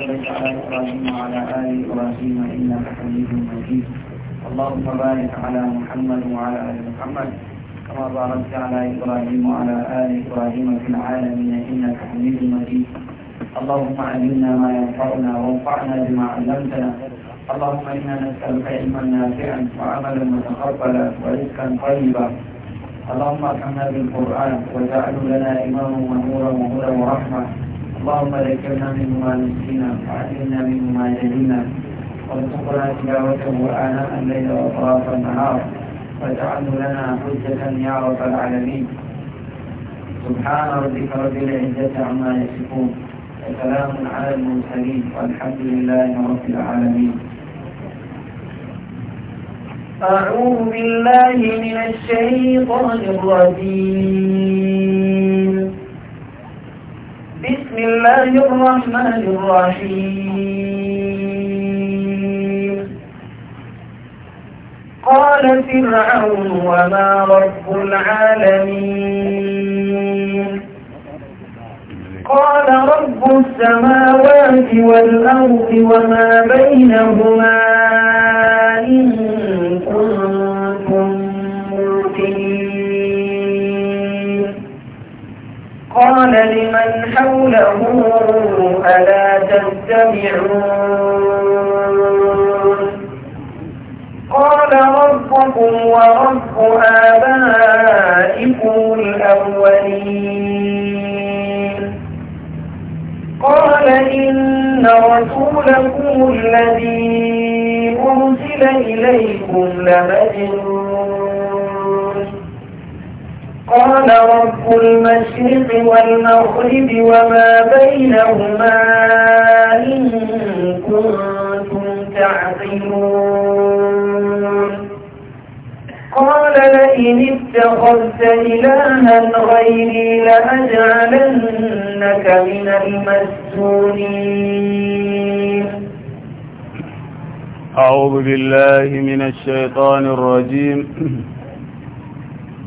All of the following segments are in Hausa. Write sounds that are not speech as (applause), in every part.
صليت على إبراهيم وعلى آل إبراهيم إنك حميد مجيد اللهم بارك على محمد وعلى آل محمد كما باركت على إبراهيم وعلى آل إبراهيم في العالمين إنك حميد مجيد اللهم علمنا ما ينفعنا وانفعنا بما علمتنا اللهم إنا نسألك علما نافعا وعملا متقبلا ورزقا طيبا اللهم ارحمنا بالقرآن واجعله لنا إماما ونورا وهدى ورحمة اللهم ذكرنا منه نسينا وعلمنا منه ما جهلنا وارزقنا تلاوته آناء الليل وأطراف النهار واجعله لنا حجة يا رب العالمين سبحان ربك رب العزة عما يصفون وسلام على المرسلين والحمد لله رب العالمين أعوذ بالله من الشيطان الرجيم بسم الله الرحمن الرحيم قال فرعون وما رب العالمين قال رب السماوات والأرض وما بينهما إن وقال لمن حوله ألا تستمعون قال ربكم ورب آبائكم الأولين قال إن رسولكم الذي أرسل إليكم لمجنون قال رب المشرق والمغرب وما بينهما إن كنتم تعقلون قال لئن اتخذت إلها غيري لأجعلنك من المسجونين أعوذ بالله من الشيطان الرجيم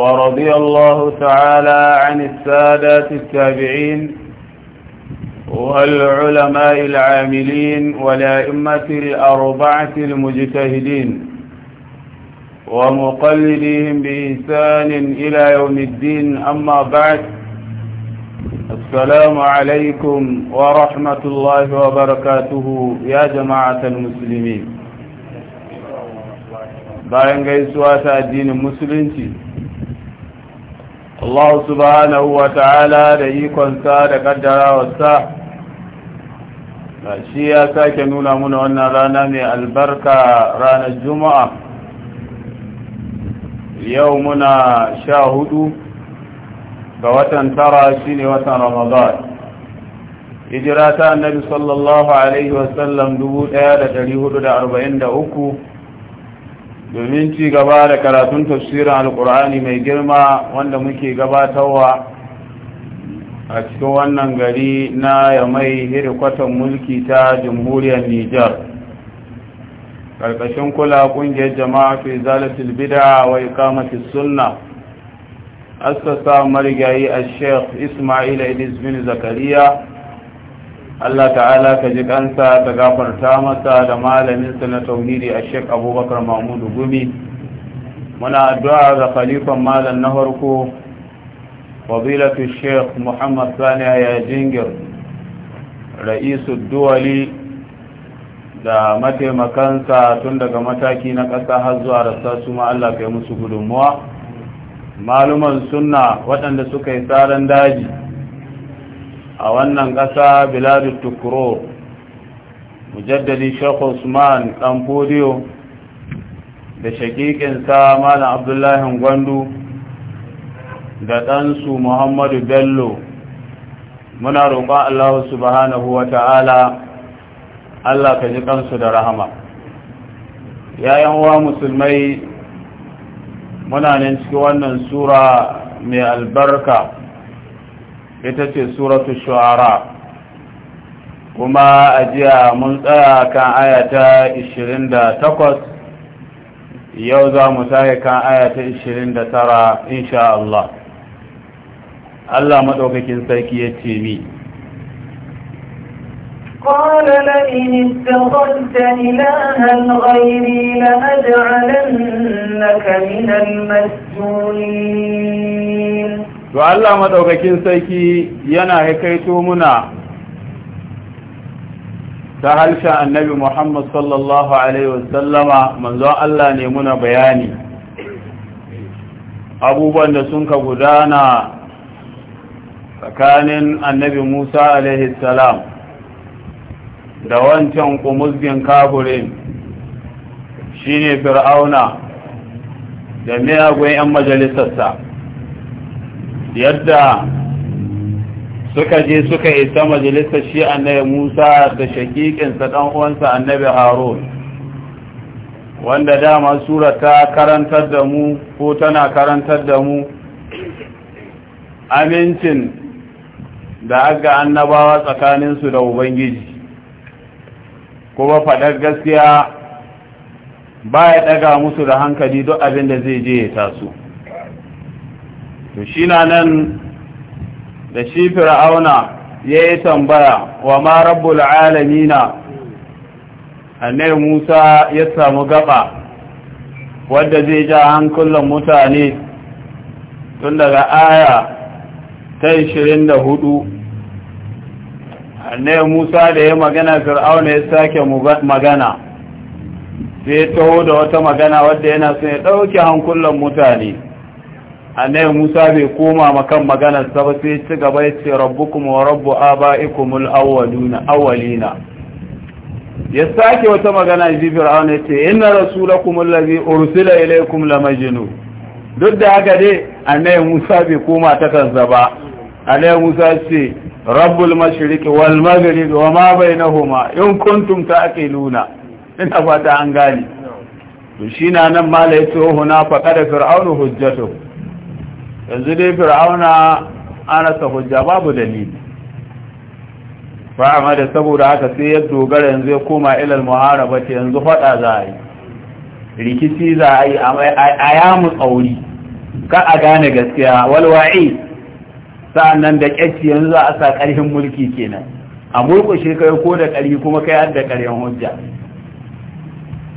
ورضي الله تعالى عن السادات التابعين والعلماء العاملين والأئمة الأربعة المجتهدين ومقلديهم بإنسان إلى يوم الدين أما بعد السلام عليكم ورحمة الله وبركاته يا جماعة المسلمين bayan gaisuwa ta الدين المسلمين Allah subhanahu wa ta'ala da ikonsa da kaddarawarsa shi ya sake nuna muna wannan rana mai albarka ranar juma'a yau muna sha hudu ga watan tara shi ne watan ramadan hijira ta annabi sallallahu alaihi wasallam uku. domin ci gaba da karatun tafsirin alkur'ani mai girma wanda muke gabatarwa a cikin wannan gari na yamai hirikwatan mulki ta jamhuriyar nijar ƙarƙashin kula ƙungiyar jama'a fi zalatul bida wa ikamatis sunna asasa marigayi a sheikh ismail idris bin zakariya Allah ta'ala ka ji kansa ta gafarta masa da malaminsa na tauhidi a shek abubakar mahmudu gumi muna addu'a ga khalifan malam na farko fadilatu sheikh muhammad sani ya jingir ra'isu duwali da mataimakansa tun daga mataki na ƙasa har zuwa rasa su ma Allah ka yi musu gudunmuwa maluman sunna waɗanda suka yi tsaron daji a wannan ƙasa biladu tukuro mujaddadi shekhu usman ɗan fodiyo da shakikinsa malam abdullahi gwandu da ɗansu muhammadu bello muna roƙon allah subhanahu wa ta'ala allah ka ji kansu da rahama yayan uwa musulmai muna nan cikin wannan sura mai albarka ita ce suratu shu'ara kuma a jiya mun tsaya kan ayata 28 yau za mu tahi kan ayata 29 insha Allah Allah maɗaukakin sarki ya ce mi قال لئن اتخذت إلها غيري لأجعلنك من المسجونين to Allah maɗaukakin sarki yana haikaito muna ta harshen annabi Muhammad sallallahu alaihi wasallama manzon Allah ne muna bayani abubuwan da sun ka gudana tsakanin annabi Musa alaihi salam da wancan kumuzgin kafirin shine fir'auna da miyagun 'yan majalisarsa yadda suka je suka isa majalisar shi annabi Musa da shakikinsa ɗan'uwansa annabi Harun wanda dama sura ta karantar da mu ko tana karantar da mu amincin da aga annabawa tsakaninsu da Ubangiji kuma faɗar gaskiya ba ya ɗaga musu da hankali duk abin da zai je ya taso. to shi na nan da shi fir'auna ya yi tambaya wa ma rabbul alamina annai musa ya samu gaba wadda zai ja hankulan mutane tun daga aya ta 24 annai musa da ya magana fir'auna ya sake magana sai ya taho da wata magana wadda yana sun ya ɗauke hankulan mutane annabi Musa bai koma makan maganar sa sai ci gaba ya ce rabbukum wa rabbu abaikumul awwaluna awwalina ya sake wata magana ji fir'auna ya ce inna rasulakum allazi ursila ilaykum la majnun duk da haka dai annabi Musa bai koma ta kansa ba annabi Musa ce rabbul mashiriki wal maghrib wa ma bainahuma in kuntum ta'qiluna ina fata an gani to shi na nan mala ya fa huna fir'aunu hujjatuhu yanzu dai fir'auna ana sa hujja babu dalili fa'ama da saboda haka sai ya dogara yanzu ya koma ilal muharaba ta yanzu fada za a yi rikici za a yi a yamu tsauri ka a gane gaskiya walwa'i sa'annan da ƙyaci yanzu za a sa karfin mulki kenan a murƙushe kai ko da ƙari kuma kai har da hujja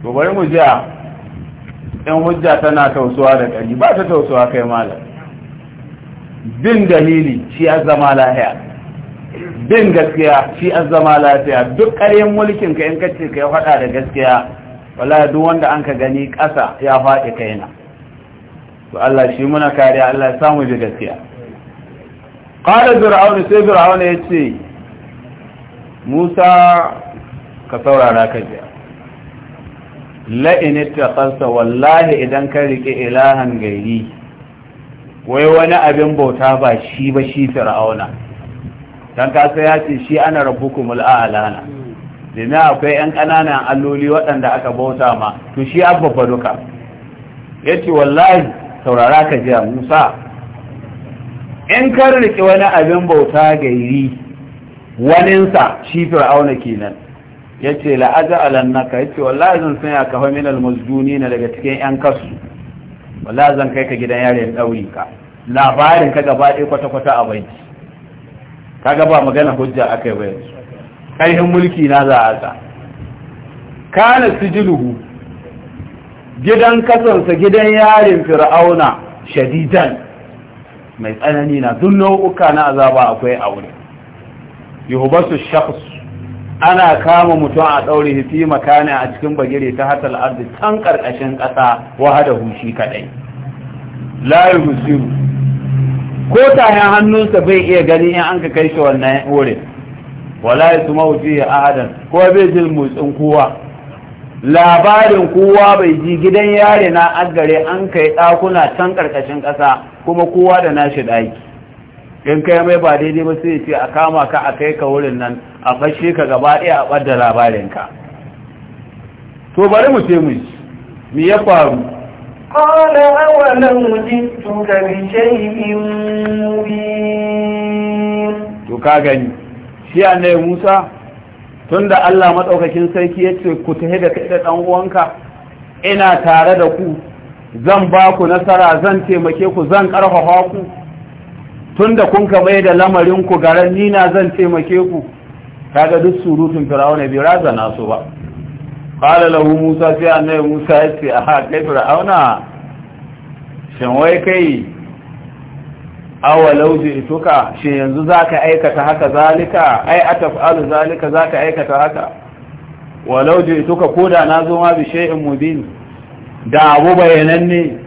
to bari mu ji 'yan hujja tana tausuwa da ƙari ba ta tausuwa kai malam bin dalili shi ya zama lahiya bin gaskiya shi ya zama lafiya duk ƙaryen mulkin ka in ka ce ka yi faɗa da gaskiya wala duk wanda an ka gani ƙasa ya faɗi na to Allah shi muna kariya Allah ya samu da gaskiya qala fir'aun sai fir'aun ya ce Musa ka saurara ka ji la in ittaqalta wallahi idan ka rike ilahan gairi wai wani abin bauta ba shi ba shi fir'auna dan kasa ya ce shi ana rabbukum a'lana domin akwai yan ƙananan alloli waɗanda aka bauta ma to shi abba fa duka yace wallahi saurara ka ji Musa in ka rike wani abin bauta gairi waninsa shi fir'auna kenan yace la'aja alannaka yace wallahi zan sanya ka fa minal na daga cikin yan kasu wala zan kai ka gidan yare ɗauri ka labarin ka gaba ɗaya kwata-kwata a banki ka gaba magana hujja aka yi bayan ƙarfin mulki na za a sa kana sijiluhu gidan kasansa gidan yarin fir'auna shadidan mai tsanani na duk nau'uka na azaba akwai aure yuhbasu shakhs ana kama mutum a ɗaure fi makani a cikin bagire ta hatal arzi can ƙarƙashin ƙasa wahada hushi kaɗai layu husiru ko tayan hannunsa bai iya gani in an ka kai shi wannan wurin wala ya su wuce ya ahadan ko bai jin motsin kowa labarin kowa bai ji gidan yare na agare an kai ɗakuna can ƙarƙashin ƙasa kuma kowa da nashi ɗaki in kai mai ba daidai ba sai ce a kama ka a kai ka wurin nan a fashe ka gaba ɗaya a ɓadda labarinka to bari mu ce mu me ya faru قال أولم جئتك بشيء مبين to ka gani shi annabi Musa tunda Allah maɗaukakin sarki ya ce ku ta da kai da ɗan uwanka ina tare da ku zan ba ku nasara zan taimake ku zan ƙarfafa ku tunda kun ka bai da lamarin ku garan nina zan taimake ku kaga duk surutun fir'auna bai razana su ba qala lahu musa sai annabi musa ya ce aha kai fir'auna shin wai kai awalau ituka shin yanzu zaka aikata haka zalika ai ataf'alu zalika zaka aikata haka walau ituka koda na zo ma bi shay'in mubin da abu bayananne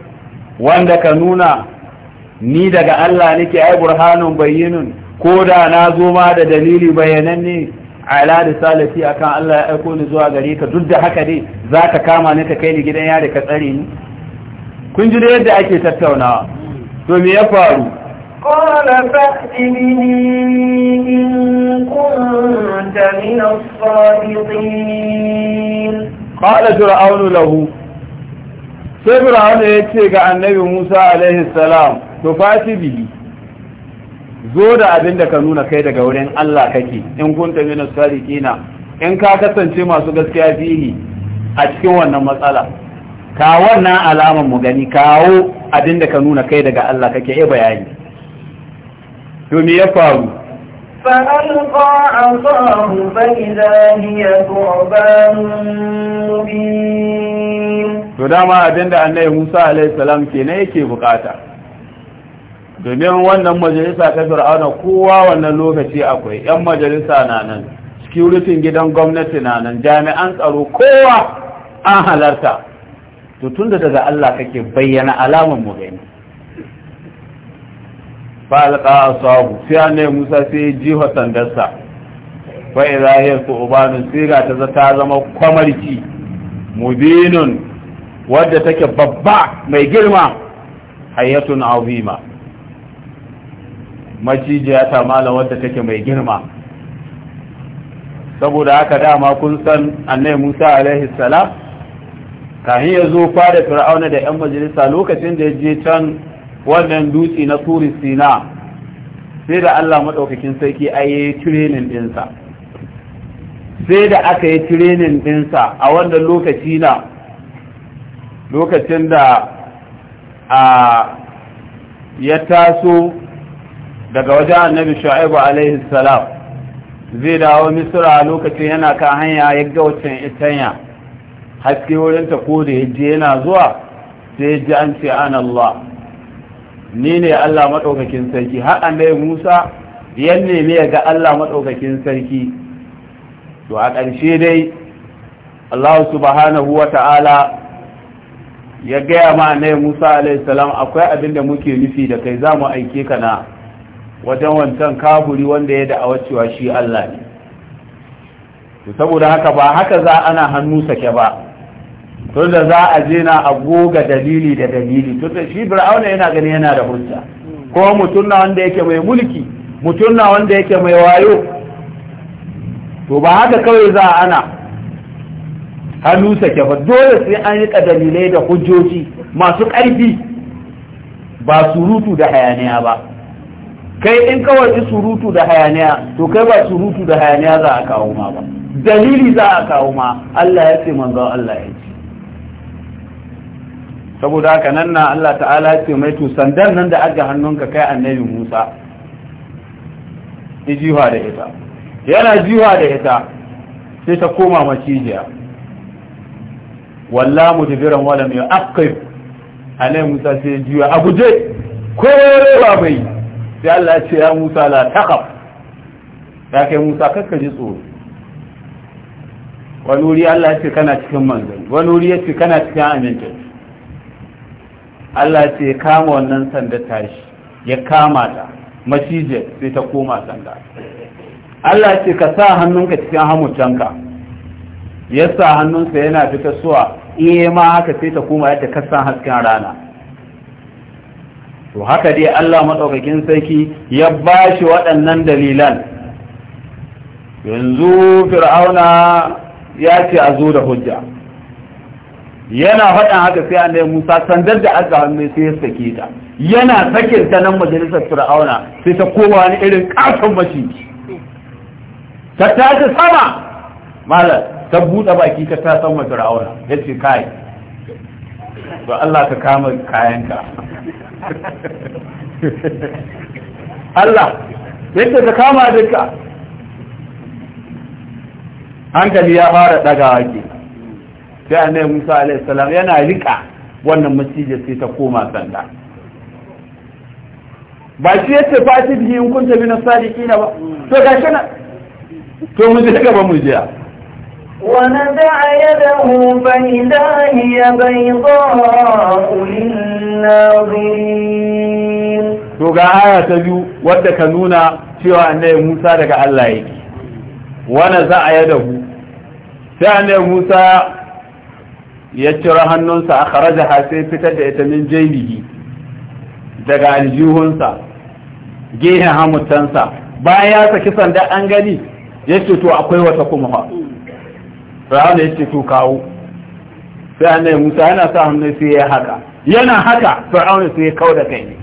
wanda ka nuna ni daga Allah nake ai burhanun bayyinun ko da na zo ma da dalili bayananne ala da salati akan Allah ya aiko ni zuwa gare ka duk da haka dai za ka kama ni ka kai ni gidan yari ka tsare ni kun ji da yadda ake tattaunawa to me ya faru قال فأتني إن كنت من الصادقين قال فرعون lahu sai fir'auna ya ce ga annabi Musa alaihi salam to fati bihi zo da abin da ka nuna kai daga wurin Allah kake in kunta min as-sadiqina in ka kasance masu gaskiya fihi a cikin wannan matsala ka wannan alaman mu gani kawo abin da ka nuna kai daga Allah kake eh bayani to me ya faru فألقى عصاه فإذا هي ثعبان مبين to dama abin da annabi Musa alaihi salam kenan yake bukata domin wannan majalisa ta fir'auna kowa wannan lokaci akwai yan majalisa na nan sikuritin gidan gwamnati na nan jami'an tsaro kowa an halarta to tunda daga Allah kake bayyana alaman mu gani fa alqa asabu sai annabi Musa sai jiho sandarsa fa idza hiya ubanun siga ta zata zama kwamarci mubinun wadda take babba mai girma hayatun azima macijiya ta mala wadda take mai girma saboda haka dama kun san annai musa alaihi salam kahin ya zo fara fir'auna da 'yan majalisa lokacin da ya je can wannan dutse na turi sina sai da allah maɗaukakin sarki a yi tirenin ɗinsa sai da aka yi tirenin ɗinsa a wannan lokaci na lokacin da a ya taso daga wajen annabi shu'aibu alaihi salam zai dawo misra a lokacin yana kan hanya ya ga wacin itanya haske wurin ta ko da je yana zuwa sai ya ji an ce an Allah ni ne Allah madaukakin sarki har annabi Musa yan neme ya ga Allah madaukakin sarki to a ƙarshe dai Allah subhanahu wa ta'ala ya gaya ma annabi Musa alaihi salam akwai abin da muke nufi da kai za mu aike ka na wajen wancan kaburi wanda ya da'awa cewa shi Allah ne to saboda haka ba haka za ana hannu sake ba tun da za a je na agoga dalili da dalili tun da shi fir'auna yana gani yana da hujja ko mutum na wanda yake mai mulki mutum na wanda yake mai wayo to ba haka kawai za ana hannu sake ba dole sai an yi dalilai da hujjoji masu ƙarfi ba surutu da hayaniya ba kai in kawai surutu da hayaniya to kai ba surutu da hayaniya za a kawo ma ba dalili za a kawo ma Allah ya ce manzo Allah ya ce saboda haka nan na Allah ta'ala ya ce mai to sandan nan da aga hannunka kai annabi Musa jiwa da ita yana jiwa da ita sai ta koma macijiya walla mudbiran wala mai alai Musa sai jiwa a guje ko ba bai sai Allah ce ya Musa la taqaf ya kai Musa kakka ji tsoro wani wuri Allah ya ce kana cikin manzanni wani wuri ya ce kana cikin aminta Allah ya ce kama wannan sanda tashi ya kama ta macijiyar sai ta koma sanda Allah ya ce ka sa hannunka cikin hamutanka ya sa hannunsa yana fita suwa iya eh ma haka sai ta koma yadda kasan hasken rana to haka dai Allah maɗaukakin sarki ya ba shi waɗannan dalilan yanzu fir'auna ya ce a zo da hujja yana faɗin haka sai dai Musa sandar da aka hannu sai ya sake ta yana sakin ta nan majalisar fir'auna sai ta koma wani irin ƙaton mashi ta tashi sama malam ta buɗe baki ta ta san fir'auna ya ce kai to Allah ka kama kayanka (laughs) Allah yadda ta kama duka hankali ya fara ɗagawa ke sai annabi Musa alaihi salam yana rika wannan masjidin sai ta koma sanda ba shi yace fati bihi in kunta min as-sadiqina ba to gashi na to mu je gaba mu je ونزع يده فإذا هي بيضاء للناظرين to ga aya ta biyu wadda ka nuna cewa annabi Musa daga Allah yake wana za a dahu sai annabi Musa ya cira hannunsa a kharajaha sai fitar da ita min jaybihi daga aljihunsa gehen hamutansa bayan ya saki sanda an gani ya ce to akwai wata kuma fir'auna ya ce to kawo sai annabi musa yana sa hannu sai ya haka yana haka fir'auna sai ya kawo da kai ne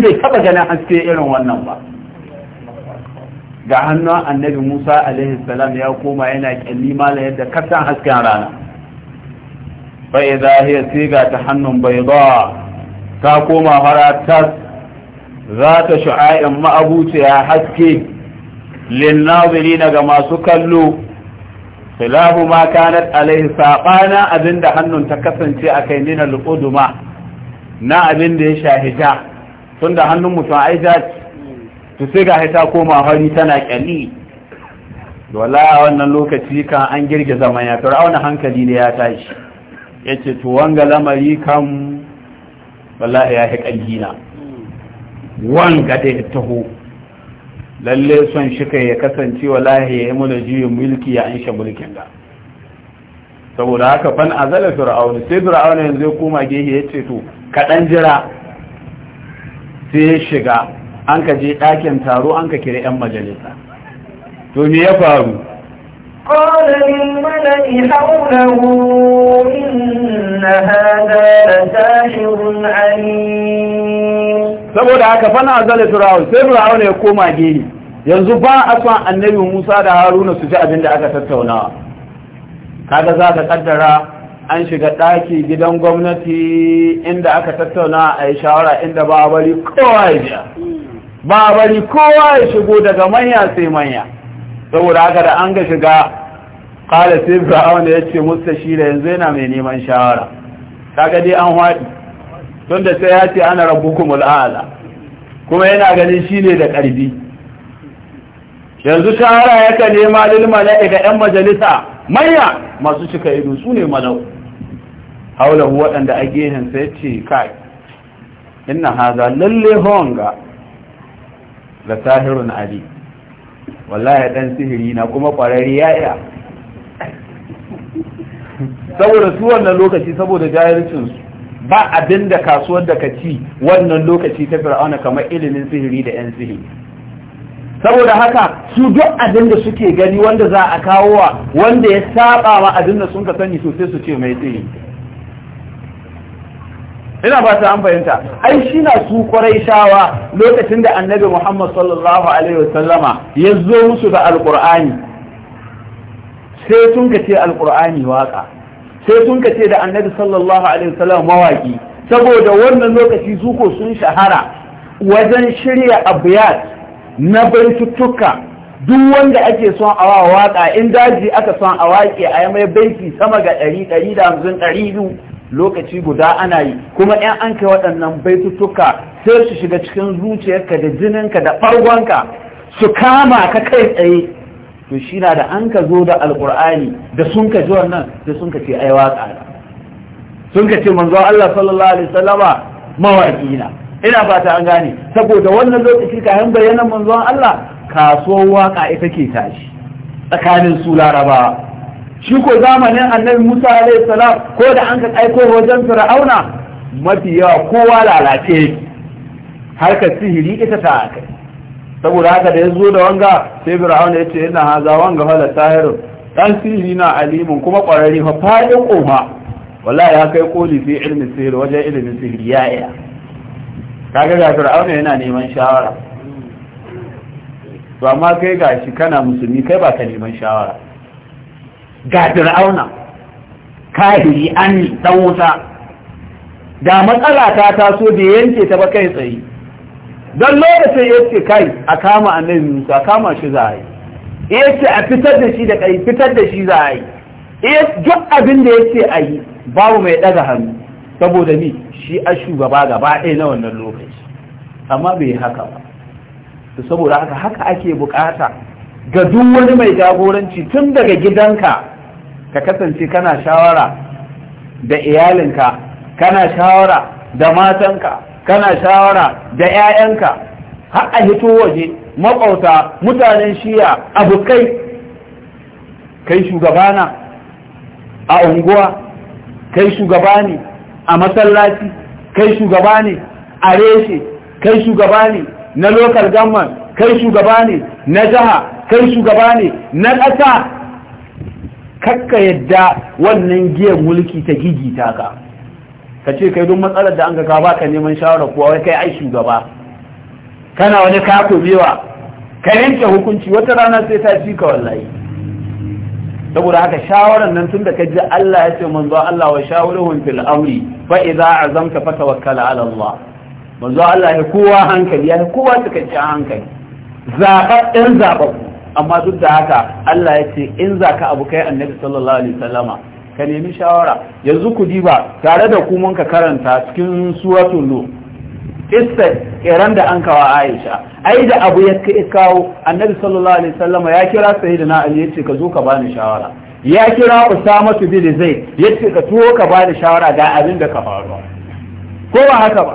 bai taba ganin haske irin wannan ba ga hannun annabi musa alaihi salam ya koma yana kyalli mala yadda kasan hasken rana fa idza hiya siga ta hannun bayda ta koma fara tas za ta shu'a'in ma'abuciya haske lin ga masu kallo khilafu ma kanat alaihi saqana abinda hannun ta kasance akai min al-quduma na abinda ya shahija tunda hannun mutum aija to sai ga ta koma hari tana kyalli wala wannan lokaci kan an girgiza manya fir'auna hankali ne ya tashi yace to wanga lamari kan wallahi ya hi kallina wanga da taho lalle son shi kai ya kasance wallahi ya yi mana juyin mulki ya ansha mulkin da saboda haka fan azala fir'aun sai fir'aun yanzu ya koma gehe ya ce to kaɗan jira sai ya shiga an ka je ɗakin taro an ka kira 'yan majalisa to me ya faru قال للملأ saboda haka fana zale fir'aun sai fir'aun ya koma gini yanzu ba a son annabi Musa da Haruna su ji abin da aka tattaunawa kaga za ka kaddara an shiga ɗaki gidan gwamnati inda aka tattauna a yi shawara inda ba bari kowa ya biya. ba bari kowa ya shigo daga manya sai manya saboda haka da an ga shiga kala sai fir'aun ya ce musta shi da yanzu yana mai neman shawara kaga dai an haɗi don da sai ya ce ana rabbukum al'ala kuma yana ganin shi ne da ƙarfi yanzu shahara yaka nema lil mala'ika yan majalisa manya masu cika ido su ne malau haulahu waɗanda a gehen sai ce kai inna haza lalle honga da tahirun ali wallahi dan sihiri na kuma ƙwararri yaya saboda su wannan lokaci saboda jahilcinsu ba abin da kasuwar da ka ci wannan lokaci ta fir'auna kamar ilimin sihiri da 'yan sihiri saboda haka su duk abin da suke gani wanda za a kawo wa wanda ya saba wa abin da sun ka sani sosai su ce mai sihiri ina ba ta an fahimta ai shi na su kwarai shawa lokacin da annabi muhammad sallallahu alaihi wasallama ya zo musu da alkur'ani sai sun ka ce alkur'ani waka sai sun ka ce da annabi sallallahu alaihi wasallam mawaki saboda wannan lokaci su ko sun shahara wajen shirya abiyat na baituttuka duk wanda ake son a waka in daji aka son a waƙe a mai baiti sama ga ɗari ɗari da hamsin ɗari biyu lokaci guda ana yi kuma in an kai waɗannan baituttuka sai su shiga cikin zuciyarka da jininka da ɓargonka su kama ka kai tsaye to shi na da an ka zo da Alkur'ani da sun ka ji wannan sai sun ka ce ai waƙa na sun ka ce manzo Allah sallallahu alaihi wasallama mawaƙi na ina fata an gane saboda wannan lokaci ka han bayanan manzon Allah kasuwar waka ita ke tashi tsakanin su larabawa shi ko zamanin annabi Musa alaihi salam ko da an ka aiko wajen Fir'auna mafi yawa kowa lalace ka sihiri ita ta kai saboda haka da ya zo da wanga sai fir'auna ya ce ina haza wanga fala tahirun dan sihiri na alimun kuma kwararre fa fadin koma wallahi ya kai koli fi ilmi sihiri wajen ilimin sihiri ya iya kaga ga fir'auna yana neman shawara to amma kai gashi kana musulmi kai ba ka neman shawara ga fir'auna hiri an dan wuta da matsala ta taso da yanke ta ba kai tsaye don lokacin ya ce kai a kama annabi musa kama shi za a yi ya ce a fitar da shi da kai fitar da shi za a yi ya duk abin da ya ce a yi babu mai daga hannu saboda ni shi a shugaba gaba ɗaya na wannan lokaci amma bai haka ba to saboda haka haka ake bukata ga duk wani mai jagoranci tun daga gidanka ka kasance kana shawara da iyalinka kana shawara da matanka kana shawara da 'ya'yanka har a hito waje makauta mutanen shiya abokai kai shugabana a unguwa kai shugaba ne a masallaci kai shugaba ne a reshe kai shugaba ne na lokal gamman kai shugaba ne na jiha kai shugaba ne na ƙasa kakka yadda wannan giyan mulki ta gigita ka ka ce kai don matsalar da an ga ka neman shawara kuwa wai kai ai shugaba kana wani ka kobewa ka yanke hukunci wata rana sai ta ci ka wallahi saboda haka shawaran nan tun da ka ji Allah ya ce manzo Allah wa shawuruhum fil amri fa idza azamta fatawakkal ala Allah manzo Allah ya kowa hankali ya kowa cikakken hankali zababben zababbu amma duk da haka Allah ya ce in zaka abu kai annabi sallallahu alaihi wasallama ka nemi shawara yanzu ku diba tare da ku mun ka karanta cikin suratul lu isa kiran da an kawa Aisha ai da abu ya kawo annabi sallallahu alaihi wasallam ya kira sayyidina Ali yace ka zo ka bani shawara ya kira Usama bin Zaid yace ka zo ka bani shawara ga abin da ka faru ko ba haka ba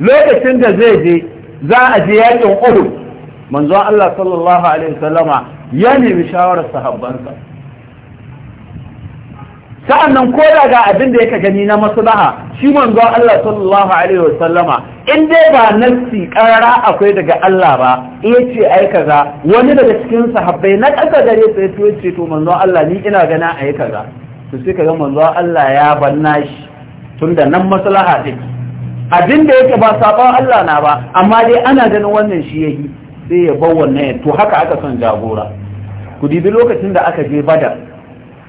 lokacin da zai je za a je yakin Uhud manzo Allah sallallahu alaihi wasallama ya nemi shawarar sahabbansa sa'annan ko daga abin da yake gani na maslaha shi manzo Allah sallallahu alaihi wasallama in dai ba nassi karara akwai daga Allah ba yace ai kaza wani daga cikin sahabbai na kasa gare sai to yace to manzo Allah ni ina gana ai kaza to sai kaga manzo Allah ya banna shi tunda nan maslaha take abin da yake ba sabon Allah na ba amma dai ana ganin wannan shi yayi sai ya bar wannan to haka aka son jagora ku dibi lokacin da aka je badar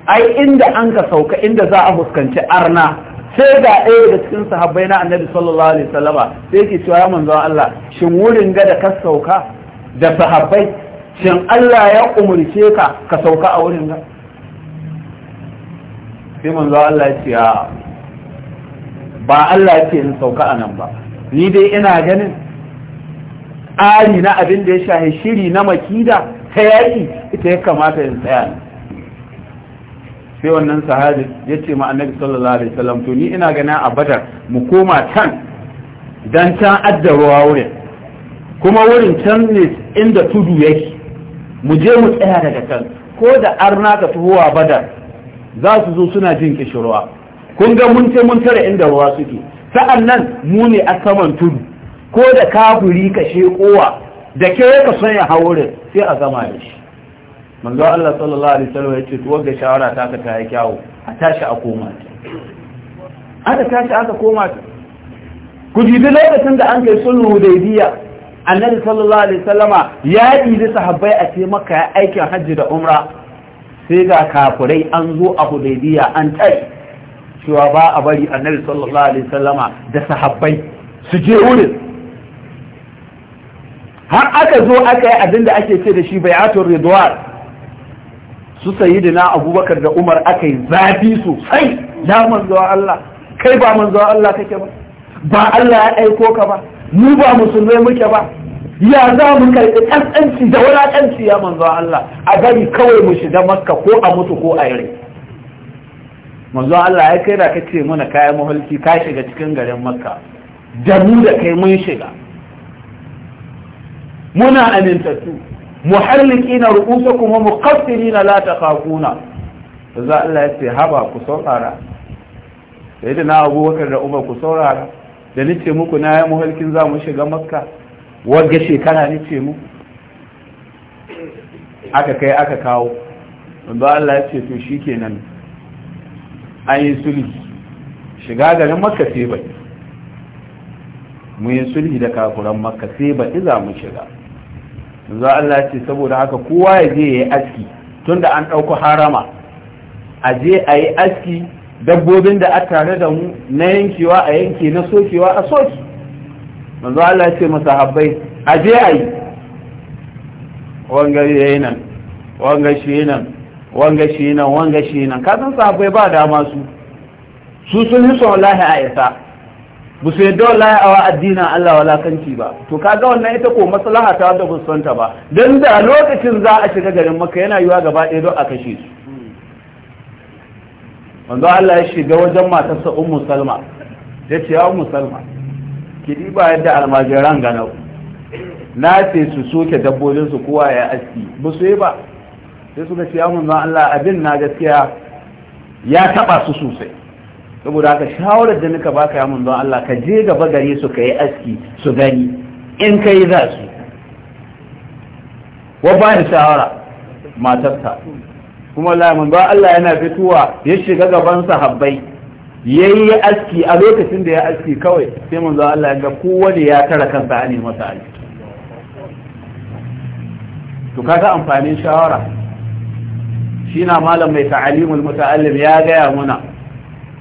ai inda an ka sauka inda za a fuskanci arna sai ga ɗaya da cikin sahabbai na annabi sallallahu alaihi wasallama sai ke cewa manzo Allah shin wurin ga da ka sauka da sahabbai shin Allah ya umurce ka ka sauka a wurin ga sai manzo Allah ya ce ba Allah ya ce in sauka a nan ba ni dai ina ganin ari na abin da ya shahe shiri na makida ta yaƙi ita ya kamata in tsaya sai wannan sahabi ya ce ma annabi sallallahu alaihi wasallam to ni ina gana a badar mu koma can dan can addaruwa wurin kuma wurin can ne inda tudu yake mu je mu tsaya daga can ko da arna ka tuhowa badar za su zo suna jin kishirwa kun ga mun ce mun tare inda ruwa suke sa'an nan mu ne a saman tudu ko da kafuri ka shekowa da ke ka son ya sai a zama da shi manzo Allah sallallahu alaihi wasallam yace ce tuwar shawara ta ka ta yi kyawu a tashi a koma ta aka tashi aka koma ta ku jibi lokacin da an kai sulhu hudaybiya annabi sallallahu alaihi wasallama ya da sahabbai a ce maka ya aikin hajji da umra sai ga kafirai an zo a hudaybiya an tai cewa ba a bari annabi sallallahu alaihi wasallama da sahabbai su je wurin har aka zo aka yi abin da ake ce da shi bai'atul ridwan su sayyidina abubakar da umar aka yi zafi sosai ya manzo Allah kai ba manzo Allah kake ba ba Allah ya aiko ka ba mu ba musulmai muke ba ya za mu karɓi ƙasƙanci da wulaƙanci ya manzo Allah a gari kawai mu shiga makka ko a mutu ko a yare manzo Allah ya kai da ka ce mana kayan mahalki ka shiga cikin garin makka da mu da kai mun shiga muna amintattu muhallikina ru'usakum wa muqaffirina la takhafuna za Allah ya ce haba ku saurara sai da na abubakar da umar ku saurara da nace muku na ya muhalkin za mu shiga makka wagga shekara nace mu aka kai aka kawo wanda Allah ya ce to shikenan an yi sulhi shiga garin makka sai bai mu yi sulhi da kafuran makka sai ba iza mu shiga yanzu Allah ya ce saboda haka kowa ya je ya yi aski tunda an ɗauko harama a je a yi aski dabbobin da a tare da mu na yankewa a yanke na sokewa a soki yanzu Allah ya ce masa habbai a je a yi wanga yayi nan wanga shi nan wanga shi nan wanga shi nan ka san sahabbai ba dama su su sun yi sallahi a isa ba su yadda wallahi awa addinin Allah walakanci ba to kaga wannan ita ko maslaha ta wadda ba ta ba don da lokacin za a shiga garin maka yana yiwa gaba ɗaya don a kashe su wanda Allah ya shiga wajen matarsa ummu salma ya ce ya ummu salma ki ba yadda almajiran ganau na ce su soke dabbobin su kowa ya aski ba su yi ba sai suka ce ya mun Allah abin na gaskiya ya taɓa su sosai saboda haka shawarar da nika baka ya mun don Allah ka je gaba gare su ka yi aski su gani in ka yi za su wa ba ni shawara matarsa kuma lamun ba Allah yana fitowa ya shiga gaban sahabbai ya yi aski a lokacin da ya aski kawai sai mun zo Allah ya ga kowane ya tara kansa a nemi masa aski to kaga amfanin shawara shi na malam mai ta'alimul muta'allim ya gaya muna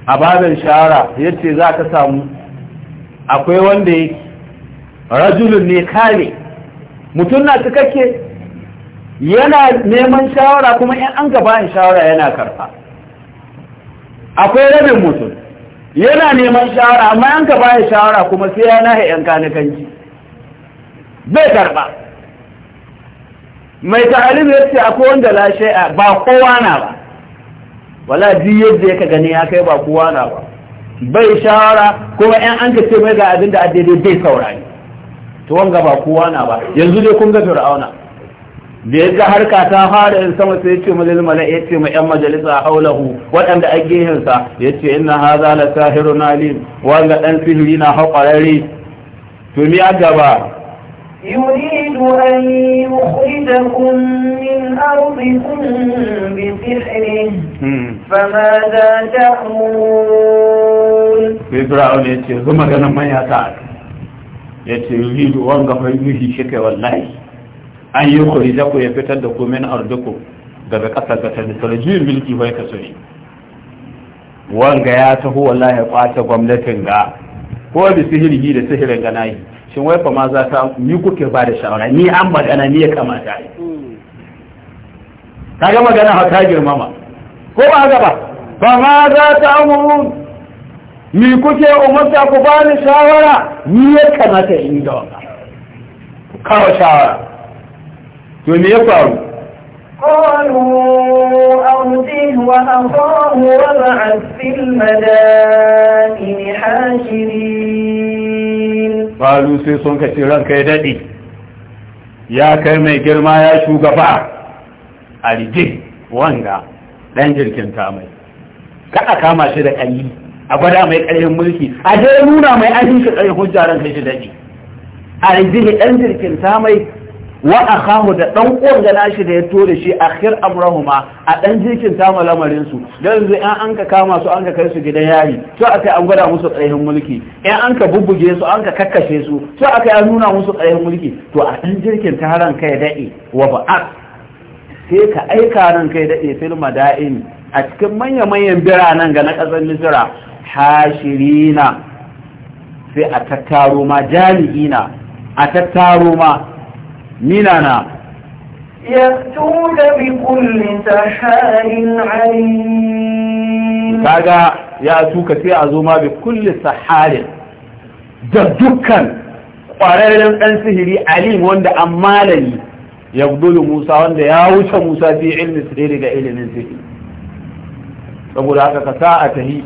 a babin ya yace za ka samu akwai wanda yake rajulun ne kare mutum na cikakke yana neman shawara kuma in an gaba shawara yana karfa akwai rabin mutum yana neman shawara amma an gaba in shawara kuma sai ya nahe yan kanikanci bai karba mai ta'alim ya ce akwai wanda lashe ba kowa na ba wala ji yadda yaka gani ya kai ba kowa na ba bai shawara kuma yan an ka ce mai ga abin da a daidai bai saurari to wanga ba kowa na ba yanzu dai kun ga fir'auna da ya harka ta fara in sama sai ya ce ma zilmala ya ce ma yan majalisa haulahu waɗanda a gehensa ya ce inna haza la sahirun alim wanga dan sihiri na haƙwararre to ni a gaba يريد أن يخرجكم من أرضكم بسحره فماذا تأمرون فرعون يتي زما كان ما يتعك يتي يريد وان غفر يهي شكي والله أن يخرجكم يفتدكم من أرضكم daga ƙasar da ta da sarjiyar milki bai ka soyi wanga ya taho wallahi ya kwace gwamnatin ga ko da sihiri da sihirin ga nayi shin wai fa ma za ta ni kuke ba da shawara ni an magana ni ya kamata ta ga magana ha ta girmama ko ba haka ba fa ma za ta amurun ni kuke umarta ku ba ni shawara ni ya kamata in da wannan kawo shawara to me ya faru قالوا أرجه وأخاه وابعث في المدائن حاشرين balu sai sun kaci ranka ya daɗe ya kai mai girma ya shugaba a rigi wanga ɗan jirgin mai kada kama shi da ƙalli a gwada mai ƙarfin mulki a je nuna mai an shi ƙarfin hujja ranka shi daɗe a rije ɗan jirgin mai wa akhahu da dan uwan ga nashi da ya tore shi akhir amrahuma a dan jikin ta malamarin su dan yanzu in an ka kama su an kai su gidan yari to aka an gwada musu tsayin mulki in an ka bubbuge su an ka kakkashe su to aka an nuna musu tsayin mulki to a dan jikin ta haran kai dade wa ba'at sai ka aika nan kai dade fil madain a cikin manya manyan biranen ga na kasar misira hashirina sai a tattaro ma jami'ina a tattaro ma mina na kaga ya tuka sai a zo ma bi kulli saharin da dukkan kwararren dan sihiri alim wanda an malami ya musa wanda ya wuce musa fi ilmi sihiri da ilimin sihiri saboda haka ka a tahi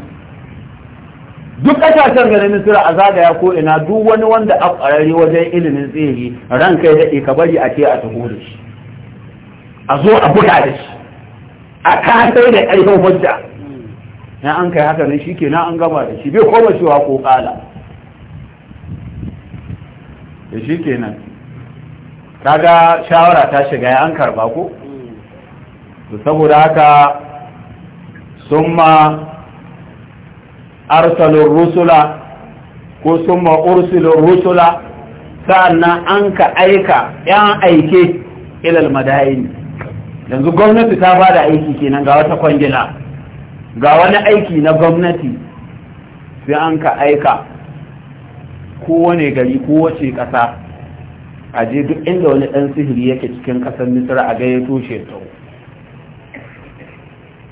duk kasashen ganin sura a zagaya ko ina duk wani wanda a ƙarari wajen ilimin tsiri ran kai da ka bari a ce a taho da shi a zo a buga da shi a kasai da ƙarfin hujja na an kai haka ne shike na an gama da shi bai koma cewa ko ƙala da shi kenan kaga shawara ta shiga ya an karba ko saboda haka sun ma arsalur rusula ko summa ursilur rusula sa'annan an ka aika yan aike ilal madaini yanzu gwamnati ta da aiki kenan ga wata kwangila ga wani aiki na gwamnati sai an ka aika kowane gari kowace ƙasa a je duk inda wani ɗan sihiri yake cikin ƙasar misira a gayyato shi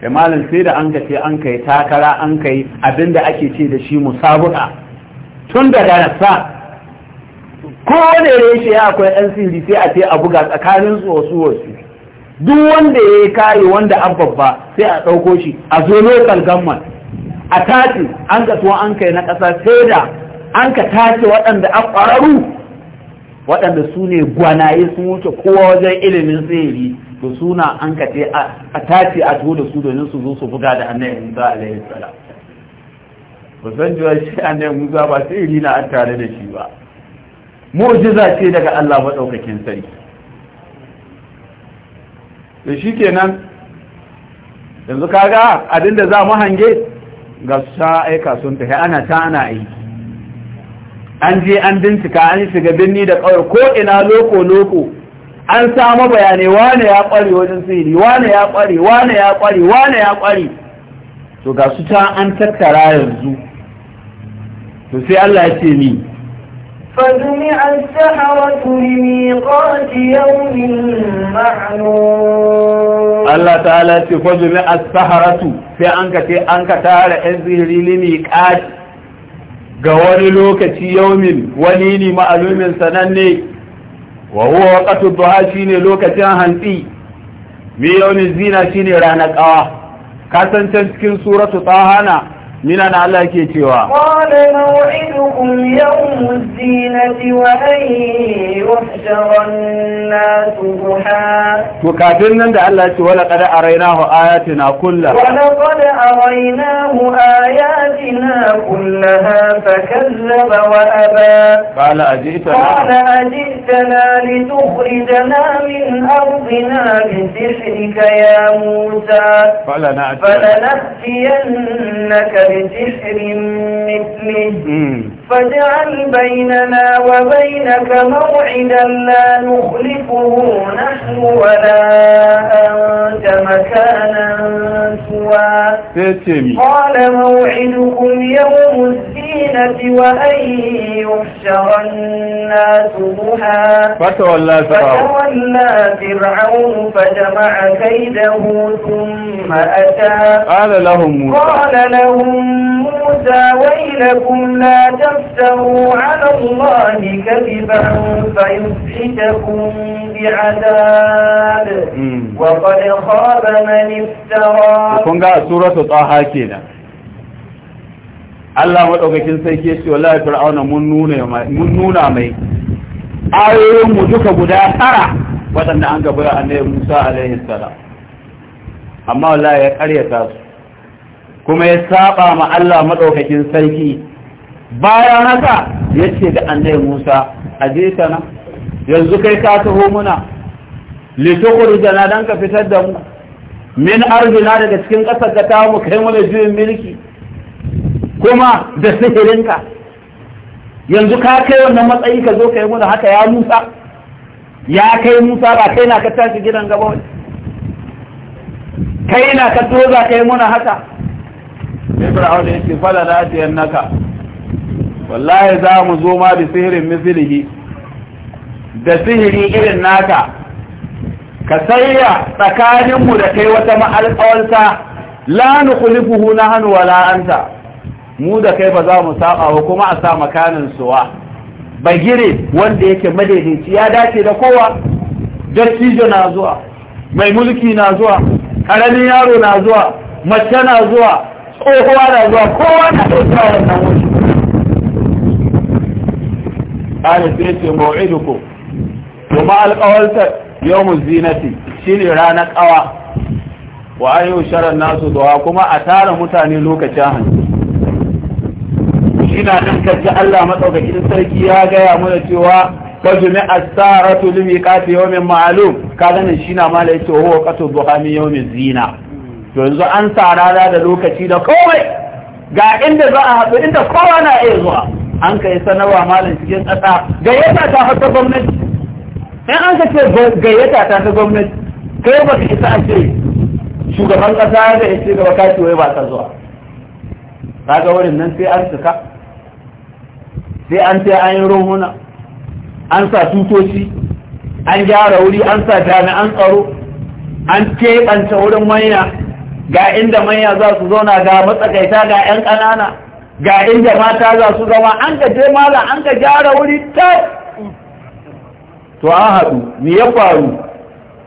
kai eh, malam sai da an ce an kai takara an kai abinda ake ce da shi musabuka tun da nasa ko wanda ya akwai ɗan sirri sai a ce a buga tsakanin wasu wasu duk wanda ya yi kare wanda an babba sai a ɗauko shi a zo local government a tace an ka tuwa an kai na ƙasa sai da an ka tace waɗanda a ƙwararru waɗanda su ne gwanaye sun wuce kowa wajen ilimin sihiri to suna an ka ce a tace a tuwo da su domin su zo su buga da annabi Musa alaihi salam ba san jiwa shi annabi Musa ba sihiri na an tare da shi ba mu'jiza ce daga Allah maɗaukakin sarki da shi kenan yanzu kaga abinda za mu hange ga su ta aika sun tafi ana ta ana aiki an je an bincika an shiga birni da kawai ko ina loko loko an samu bayanai wane ya ƙware wajen sihiri wane ya ƙware wane ya ƙware wane ya ƙware to ga su ta an tattara yanzu to sai Allah ya ce ni فجمع السحرة لميقات يوم معلوم الله تعالى فجمع السحرة في أنك تارع الزهر لميقات ga wani lokaci yaumin wani ne ma'alumin sananne wa huwa waqtu duha shine lokacin hantsi mi yaumin zina shine ranar kawa kasancen cikin suratu tahana mina na Allah ke cewa qala maw'idukum yawmuz zinati wa an yuhsharan nasu to kafin nan da Allah ce wala qad arainahu ayatina kulla wala qad arainahu ayatina kullaha fakazzaba wa aba qala ajitana qala ajitana litukhrijana min ardina bi sihrika ya musa fala na'tiyannaka بسحر مثله فاجعل بيننا وبينك موعدا لا نخلفه نحن ولا أنت مكانا سوى قال موعدكم يوم الزينة وأن يحشر الناس بها فتولى فرعون فجمع كيده ثم أتى قال لهم موسى قال لهم موسى ويلكم لا تفتروا على الله كذبا فيسحتكم بعذاب وقد خاب من افترى قاعد سورة طه كينا Allah maɗaukakin sai ke ce wallahi fir'auna mun nuna mun nuna mai ayoyin mu duka guda tara wadanda an gaba annabi Musa alaihi salam amma wallahi ya ƙaryata su kuma ya saba ma Allah madaukakin sarki bayan haka yace da annabi Musa ajeta na yanzu kai ka taho muna litukhrijana dan ka fitar da mu min arzina daga cikin ƙasar da ta mu kai mana juyin mulki kuma da sihirinka yanzu ka kai wannan matsayi ka zo kai muna haka ya musa ya kai musa ba kai na ka tashi gidan gaba wani kai na ka toza kai muna haka sai fir'auna ya ce fala na ta naka. wallahi za mu zo ma da sihirin mislihi da sihiri irin naka ka sayya mu da kai wata ma'alƙawarsa la nukhlifuhu nahnu wala anta mu da kai ba za mu saba ba kuma a sa makanin suwa bagire wanda yake madaidaici ya dace da kowa dattijo na zuwa mai mulki na zuwa karamin yaro na zuwa mace na zuwa tsohuwa na zuwa kowa na a wannan wuri ƙala sai ce mau'idukum kuma alƙawarta yawmuz zinati shine ranar ƙawa wa ayyu sharan nasu dawa kuma a tara mutane lokacin hanzu ina nan kaji Allah madaukakin sarki ya gaya mana cewa fajmi as-saratu limiqati yawmin ma'lum kaga nan shi na mala yace huwa qatu duha min yawmin zina yanzu an sa rana da lokaci da kowai ga inda za a haɗu inda kowa na iya zuwa an kai sanarwa malin cikin ƙasa gayyata ta hata gwamnati in an ka ce gayyata ta ta gwamnati kai ba ka isa a ce shugaban ƙasa da ya ce gaba kashi wai ba ka zuwa ga wurin nan sai an cika sai an sai an yi rohuna an sa tutoci an gyara wuri an sa jami'an tsaro an keɓanta wurin manya ga inda manya za su zauna ga matsakaita ga 'yan ƙanana ga inda mata za su zama an ka je mala an ka gyara wuri ta to an haɗu me ya faru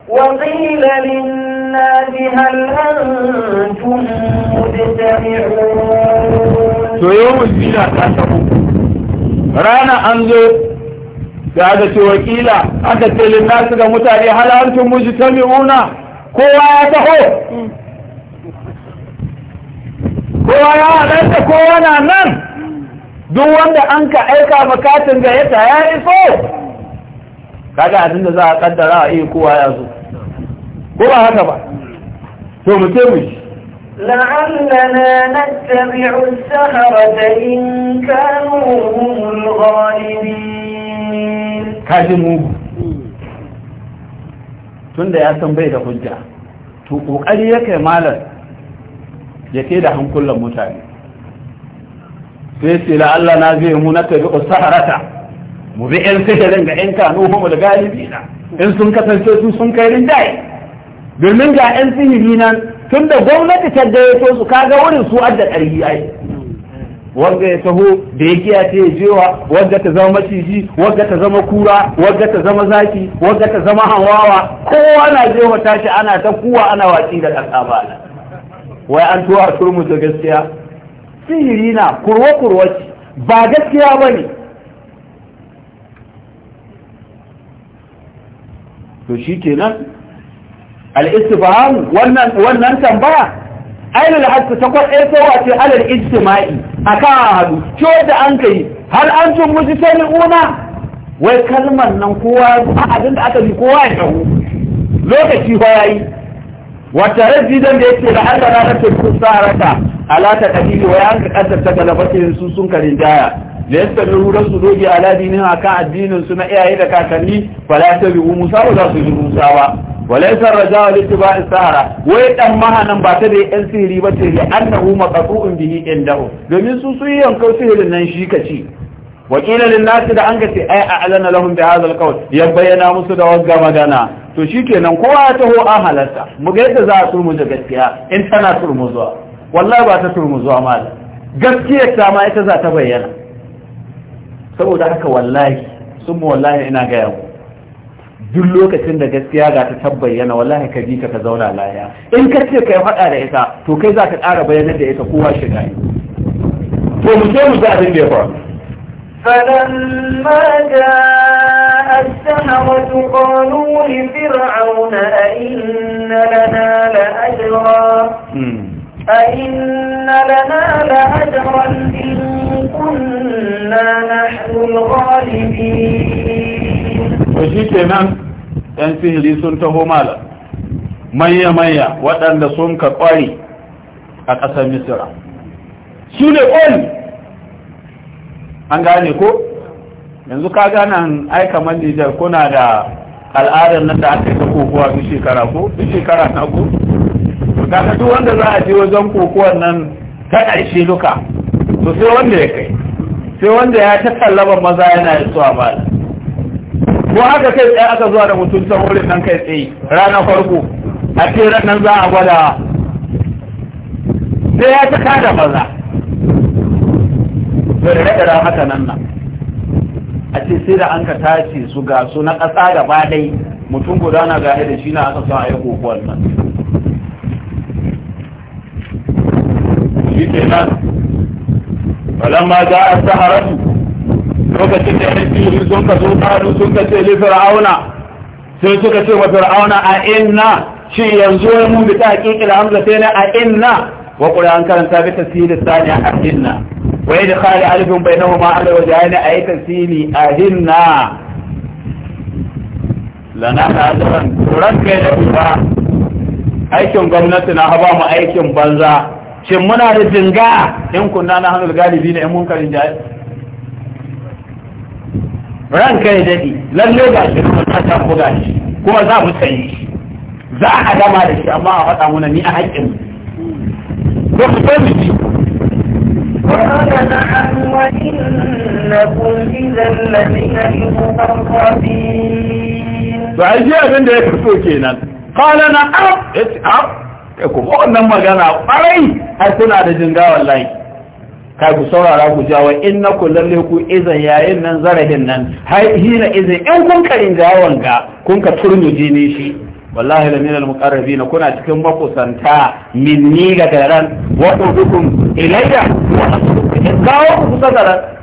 وقيل للناس هل أنتم مجتمعون to yau mulmina ta samu rana an zo da aka ce wakila aka ce linnasu ga mutane hal antum mujtami'una kowa ya taho mm. kowa ya halarta kowa na nan duk wanda an ka aika bukatun ga yata ya iso kaga abin da za a kaddara a iya kowa ya zo ko ba haka ba to mu ce mu shi لعلنا نتبع السحرة إن كانوا هم الغالبين كاجمو tun da ya san bai da hujja to kokari yake malam ya ke da hankulan mutane sai ce Allah na zai mu na tabi saharata mu bi yan sihirin ga yan kanu homo da galibi na in sun kasance su sun kai rinjaye domin ga yan sihiri nan tun da gwamnati ta gayyato su kaga wurin su adda ƙarfi ai wanda ya taho da ya kiya ta ya jewa wanda ta zama maciji wanda ta zama kura wanda ta zama zaki wanda ta zama hawawa kowa na jewa tashi ana ta kuwa ana watsi da ƙasa ba wai an tuwa a da gaskiya sihiri na kurwa-kurwa ce ba gaskiya ba ne to shi kenan al'istifaham wannan tambaya ainihin haske ta kwaɗe tsawa ce alal istima'i a kan hadu ce da an kai hal an cin musu sani una wai kalmar nan kowa abin da aka bi kowa ya shahu lokaci ba ya yi wata rajidan da yake da Allah na nake kusa raka alaka kadiri wa yanka kasar ta galabatin su sun karin daya da yasta da su doge al'adinin akan addinin su na iyaye da kakanni fala ta bi musa ba za su ji musa ba wala yasa raja'a li tiba'i sahara wai dan mahanan ba ta da yan sihiri ba ce li annahu maqtu'un bihi indahu domin su su yankan sihirin nan shi ka kaci wakilan linnasi da an gace ai a'lana lahum bi hadha alqawl ya bayyana musu da wagga magana to shikenan kowa ya taho an halarta mu ga yadda za a turmu da gaskiya in tana turmu zuwa. wallahi ba ta turmu zuwa ma Gaskiya ta ma ita za ta bayyana saboda haka wallahi sun mu wallahi ina ga yau duk lokacin da gaskiya ga ta tabbayyana wallahi ka bi ka ka zauna lafiya in ka ce kai faɗa da ita to kai za ka ƙara bayanan da ita kowa shiga to mu ce mu ga abin da ya faru فلما جاء السحرة قالوا لفرعون أئن لنا لأجرا أئن لنا لأجرا إن كنا نحن الغالبين وشيكنا ‘yan sihiri sun مالا ميا ميا manya waɗanda sun ka ƙwari a ƙasar an gane ko yanzu ka gane ai kamar Nijar kuna da al'adar nan da aka yi ta kokowa duk shekara ko duk shekara na ku. kaga duk wanda za a je wajen kokowar nan ta ƙarshe duka to sai wanda ya kai sai wanda ya ta kallaba maza yana yi zuwa ba ko haka kai tsaye aka zuwa da mutum ta wurin nan kai tsaye ranar farko a ce nan za a gwada sai ya ta kada maza da raɗaɗa haka nan nan a ce sai da an ka tace su ga su na ƙasa gaba dai mutum guda na gane da shi na aka sa a yi kokowar nan shi ke nan falamma za a saharatu lokacin da yanzu sun ka so taru sun ka ce fir'auna sai suka ce wa fir'auna a inna shi yanzu ya mun bi ta haƙiƙil hamza sai na a inna wa ƙuri an karanta bi tasiri sani a inna wai da kare alifin bai na huma ala wajen a yi tasiri a hinna lana ta azuran turan kai da kuma aikin gwamnati na haba mu aikin banza shin muna da dinga in kunna na hannun galibi na yan munkarin jari ran kai daɗi lalle ba shi kuma ta ta buga shi kuma za mu sanyi za a dama da shi amma a faɗa muna ni a haƙƙin mu ku mu قال نعم وإنكم إذا لمن المقربين فأجي kwanan ده يكفو ya ce نعم ah, ya kuma wannan magana ƙwarai har suna da gawar wallahi kai ku saurara ku jawo in na ku lalle ku izan yayin nan zarafin nan hai hina izan in kun karin jawon ga kun ka turmi jini shi wallahi la minal muqarrabin kuna cikin makusanta minni ga garan wa hukum ilayya wa kawo ku kusa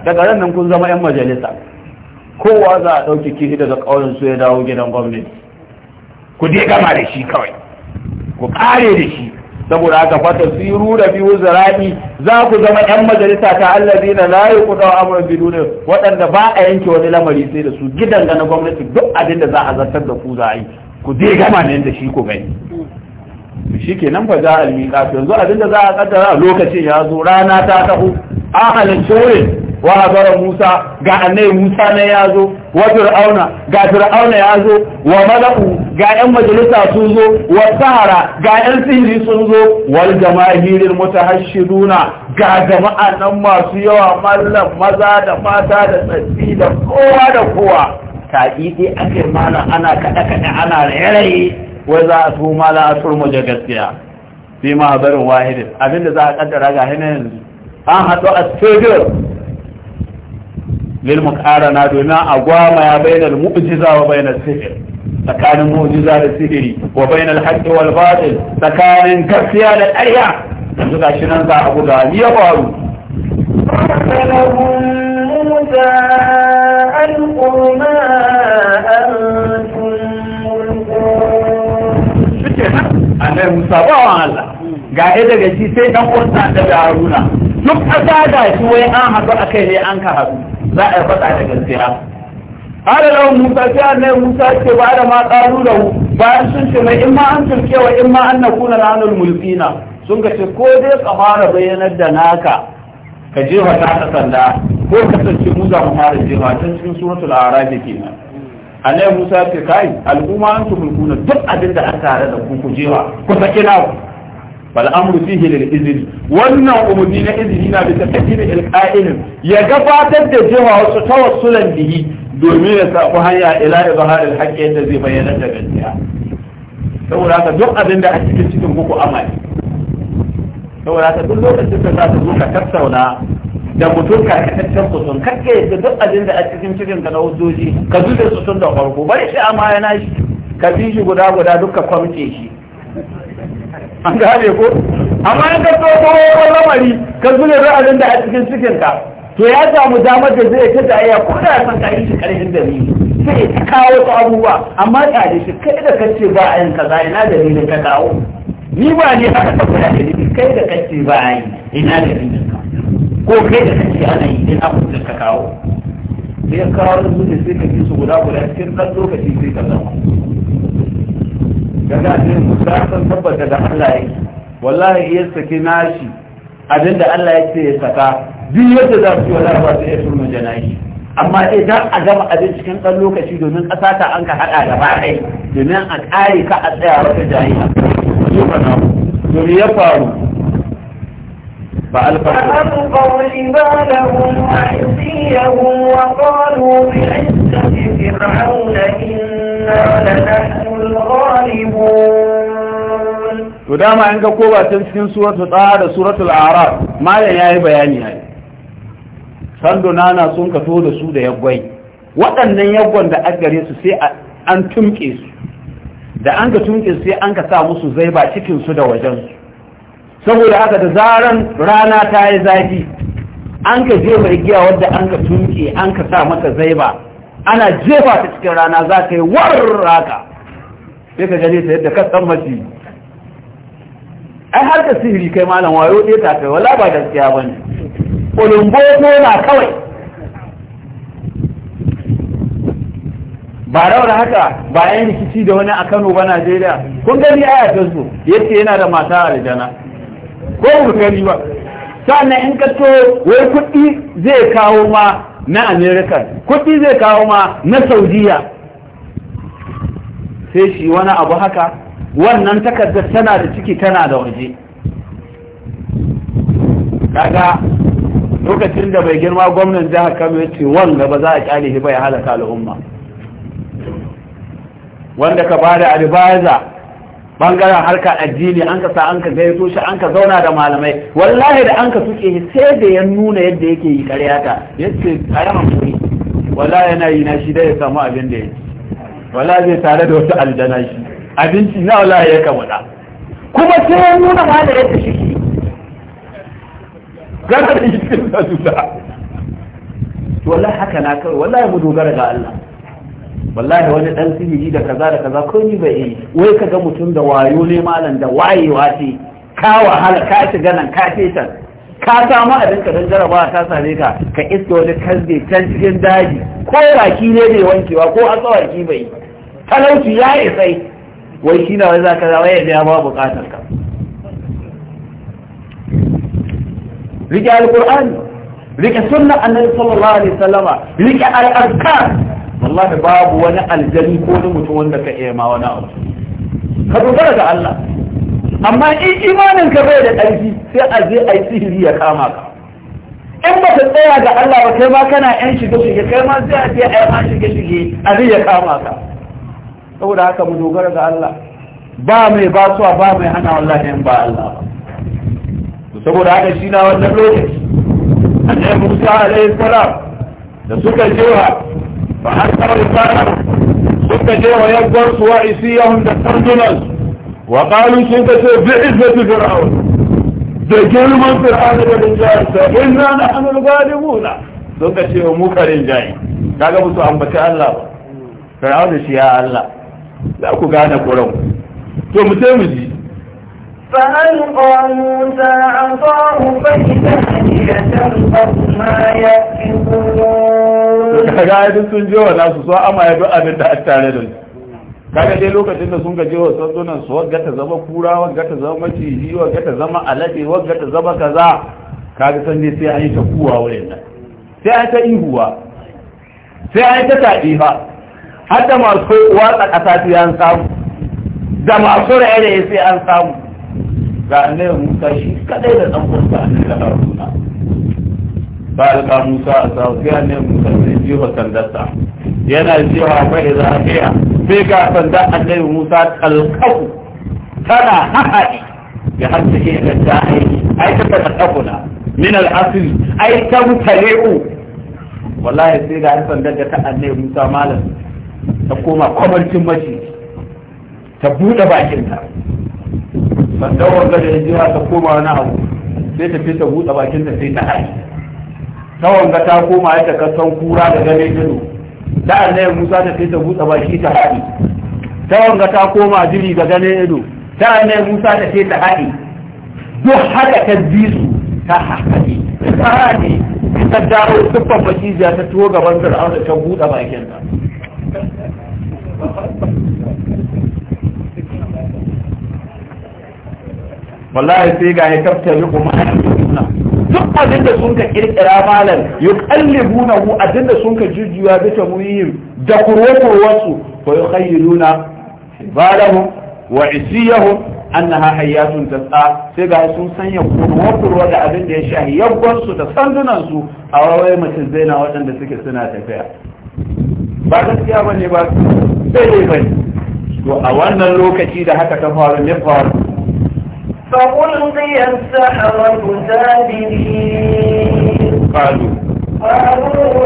da garan nan kun zama yan majalisa kowa za a dauki kihi daga kauyen su ya dawo gidan gwamnati ku dai gama da shi kawai ku kare da shi saboda haka fata siru da biyu zara'i za ku zama yan majalisa ta allazina la yuqda amru biduni waɗanda ba a yanke wani lamari sai da su gidan ga na gwamnati duk abinda za a zartar da ku za a yi ku dai gama ne da shi ku gani shi ke nan fa za a miƙa yanzu abinda za a kaddara a lokacin ya zo rana ta taho an halarci wurin wa hazara Musa ga annai Musa ne ya zo wa Fir'auna ga Fir'auna ya zo wa malaku ga ƴan majalisa sun zo wa sahara ga ƴan sihiri sun zo wal jama'iril mutahashiduna ga jama'a nan masu yawa mallam maza da mata da tsatsi da kowa da kowa taƙi sai an ce ana kaɗe-kaɗe ana rairaye wai za a su malam a turmo da gaskiya fi barin wahidin abinda za a kaddara ga hana yanzu an haɗu a studio lil mukarana domin a gwama ya bayyana mu'jiza wa bayyana sihir tsakanin mu'jiza da sihiri wa bayyana haqqi wal batil tsakanin gaskiya da ƙarya yanzu gashi nan za a buga ni ya faru موسى ألقوا ما أنتم Annabi Musa ba wa Allah ga ɗaya daga ci sai ɗan uwansa da Haruna duk ƙasa ga shi wai an haɗu a kai ne an ka haɗu za a yi faɗa da gaskiya Hada lau Musa sai Annabi Musa ce ba da ma ƙaru da bayan sun ce mai in ma an turkewa in ma an na kuna na mulkina sun ga ce ko dai ka fara bayyanar da naka ka jefa ta ta sanda ko kasance mu za mu fara jefa ta cikin suratul araf kenan annabi Musa ce kai al'umma an su mulkuna duk abin da an tare da ku ku jefa ku saki nawa bal amru fihi lil izn wannan umurni na izini na bi tafsir al qa'il ya gabatar da jefa wasu tawassulan bihi domin ya saku hanya ila izhar al haqqi yadda zai bayyana da gaskiya saboda haka duk abin da a cikin cikin ku amali saboda ta duk lokacin da za ta zo ka tattauna da mutum karkataccen kusur kakke da duk abin da a cikin cikin ka na hujjoji ka zube su tun da farko bari shi amma yana shi ka bi shi guda guda duka kwamce shi an gane ko amma in ka wani lamari ka zube abin da a cikin cikin ka to ya samu damar da zai ta da iya ko da san ka yi shi karfin da ni sai ka kawo abubuwa amma ka da shi kai da kace ba ayin kaza ina dalilin ka kawo ni ba ne aka tabbata da ni kai da kace ba ai ina da ni ko kai da kace ana yi din abu da ka kawo sai ya kawo da mutum sai ka ji su guda guda cikin dan lokaci sai ka zama daga ne musa san tabbata da Allah yake wallahi iya sake nashi abinda Allah ya ce ya saka duk yadda za su yi wala ba su iya turma janayi amma idan a gama abin cikin ɗan lokaci domin ƙasa ta an ka haɗa ba ɗaya domin a ƙare ka a tsaya wata jahila ba na ya faru ba alfahari ba su ba da hun a ya hun a yi ta fi fi rauna inna da na ulgharibu to dama an ga ko cikin suratul tsara da suratul arab malam yi bayani yayi na donana sun kato da su da yaggwai waɗannan yaggwan da aggare su sai an tumke su da an ka tunkin sai an ka sa musu zai ba cikinsu da wajen saboda haka da zaran rana ta yi zafi an ka jefa giya wadda an ka tunke an ka sa mata zai ba ana jefa ta cikin rana za ka yi warraka sai ka gane ta yadda ka san mace ai har ka sihiri kai malam wayo ɗaya ta kai wala ba gaskiya ba ne ƙulumbo na kawai ba rawar haka bayan rikici da wani a Kano ba Najeriya kun gani aya ta zo yace yana da mata a aljana ko ku gani ba sannan in ka wai kuɗi zai kawo ma na America kuɗi zai kawo ma na Saudiya sai shi wani abu haka wannan takardar tana da ciki tana da waje kaga lokacin da bai girma gwamnan jihar Kano ya ce wanga ba za a kyale shi ya halaka al'umma wanda ka bada advisor bangaren harka addini an ka sa an ka gaito shi an ka zauna da malamai wallahi da an ka suke sai da ya nuna yadda yake yi ƙarya ta yace a yi wallahi yana yi na shi da ya samu abin da ya ci wallahi zai tare da wasu aljana shi abinci na wallahi ya kamata kuma sai ya nuna ma da yadda shi gara da yi ta da wallahi haka na kawai wallahi mu dogara ga Allah wallahi wani dan sihiri da kaza da kaza ko ni bai yi wai ka ga mutum da wayo ne malam da wayewa ce ka wahala ka shiga nan ka ta ka samu abin ka dan jarabawa ta same ka ka iske wani kasbe can cikin daji ko baki ne bai wankewa ko ki bai talauci ya isa wai shi na wai za ka zawa ya ba bukatar ka rike alkur'ani rike sunna annabi sallallahu alaihi wasallama rike al'azkar wallahi babu wani aljani ko wani mutum wanda ka iya ma wani abu ka dogara ga Allah amma in imanin ka bai da ƙarfi sai a je a yi sihiri ya kama ka in ba ka tsaya ga Allah ba kai ma kana yan shige shige kai ma sai a je a yi ma shige shige a zai ya kama ka saboda haka mu dogara ga Allah ba mai basuwa ba mai hana wallahi in ba Allah ba saboda haka shi na wannan lokaci annabi Musa alaihi salam da suka jewa fa askara risala suka je wa yagwar su wa isiyahum da tarjunan wa qalu sun ka ce bi izzati fir'aun da girman fir'aun da rinjayarsa inna nahnu al-ghalibuna sun ka ce mu ka rinjaye kaga musu ambaci Allah ba fir'aun shi ya Allah za ku gane kuran to mu sai mu ji فألقى موسى عصاه فإذا هي تلقف ما kaga ai duk sun jewa nasu so amma ya duk abin da a tare da su kaga dai lokacin da sun gaje wa sandunan su wagga ta zama kura wagga ta zama maciji wagga ta zama alade wagga ta zama kaza kaga san dai sai an yi ta kuwa wurin nan sai an ta ihuwa sai an ta taɗi fa har da masu watsa ƙasa sai an samu da masu raye sai an samu ga annabi Musa shi kadai da dan kusa da Haruna ba alƙa musa a sa sai annabi musa sai jiwa sandarsa yana cewa fa idza hiya sai ga sanda annabi musa talqafu tana haɗi da hatta ke da ta aiki. ai ta talqafuna min al-asl ai ta mutale'u wallahi sai ga sandar da ta annabi musa malam ta koma kwamancin mace ta buɗe bakinta sandar wanda da ya jira ta koma wani abu sai ta fi ta buɗe bakinta sai ta haɗi ta wanga ta koma ya ta kasan kura da gane ido da annabi Musa ta kai ta buɗe baki ta haɗi ta wanga ta koma jiri ga gane ido da annabi Musa ta kai ta haɗi duk haka ta bi su ta haɗi ta haɗi ta dawo baki ya ta tuwo gaban da ta buɗe bakin ta wallahi sai ga ya kafta riƙo kuma duk abin da sun ka kirkira malam yuqallibunahu abin da sun ka jujjuya bi tamwir da kurwakurwarsu fa yukhayyiluna balahum wa isiyahum annaha hayyatun tas'a sai ga sun sanya kurwakurwa da abin da ya shahi yabbansu da sandunansu a wawai mutum zaina waɗanda suke suna tafiya ba gaskiya bane ba sai dai bane to a wannan lokaci da haka ta faru ne faru فألقي السحرة ساجدين قالوا قالوا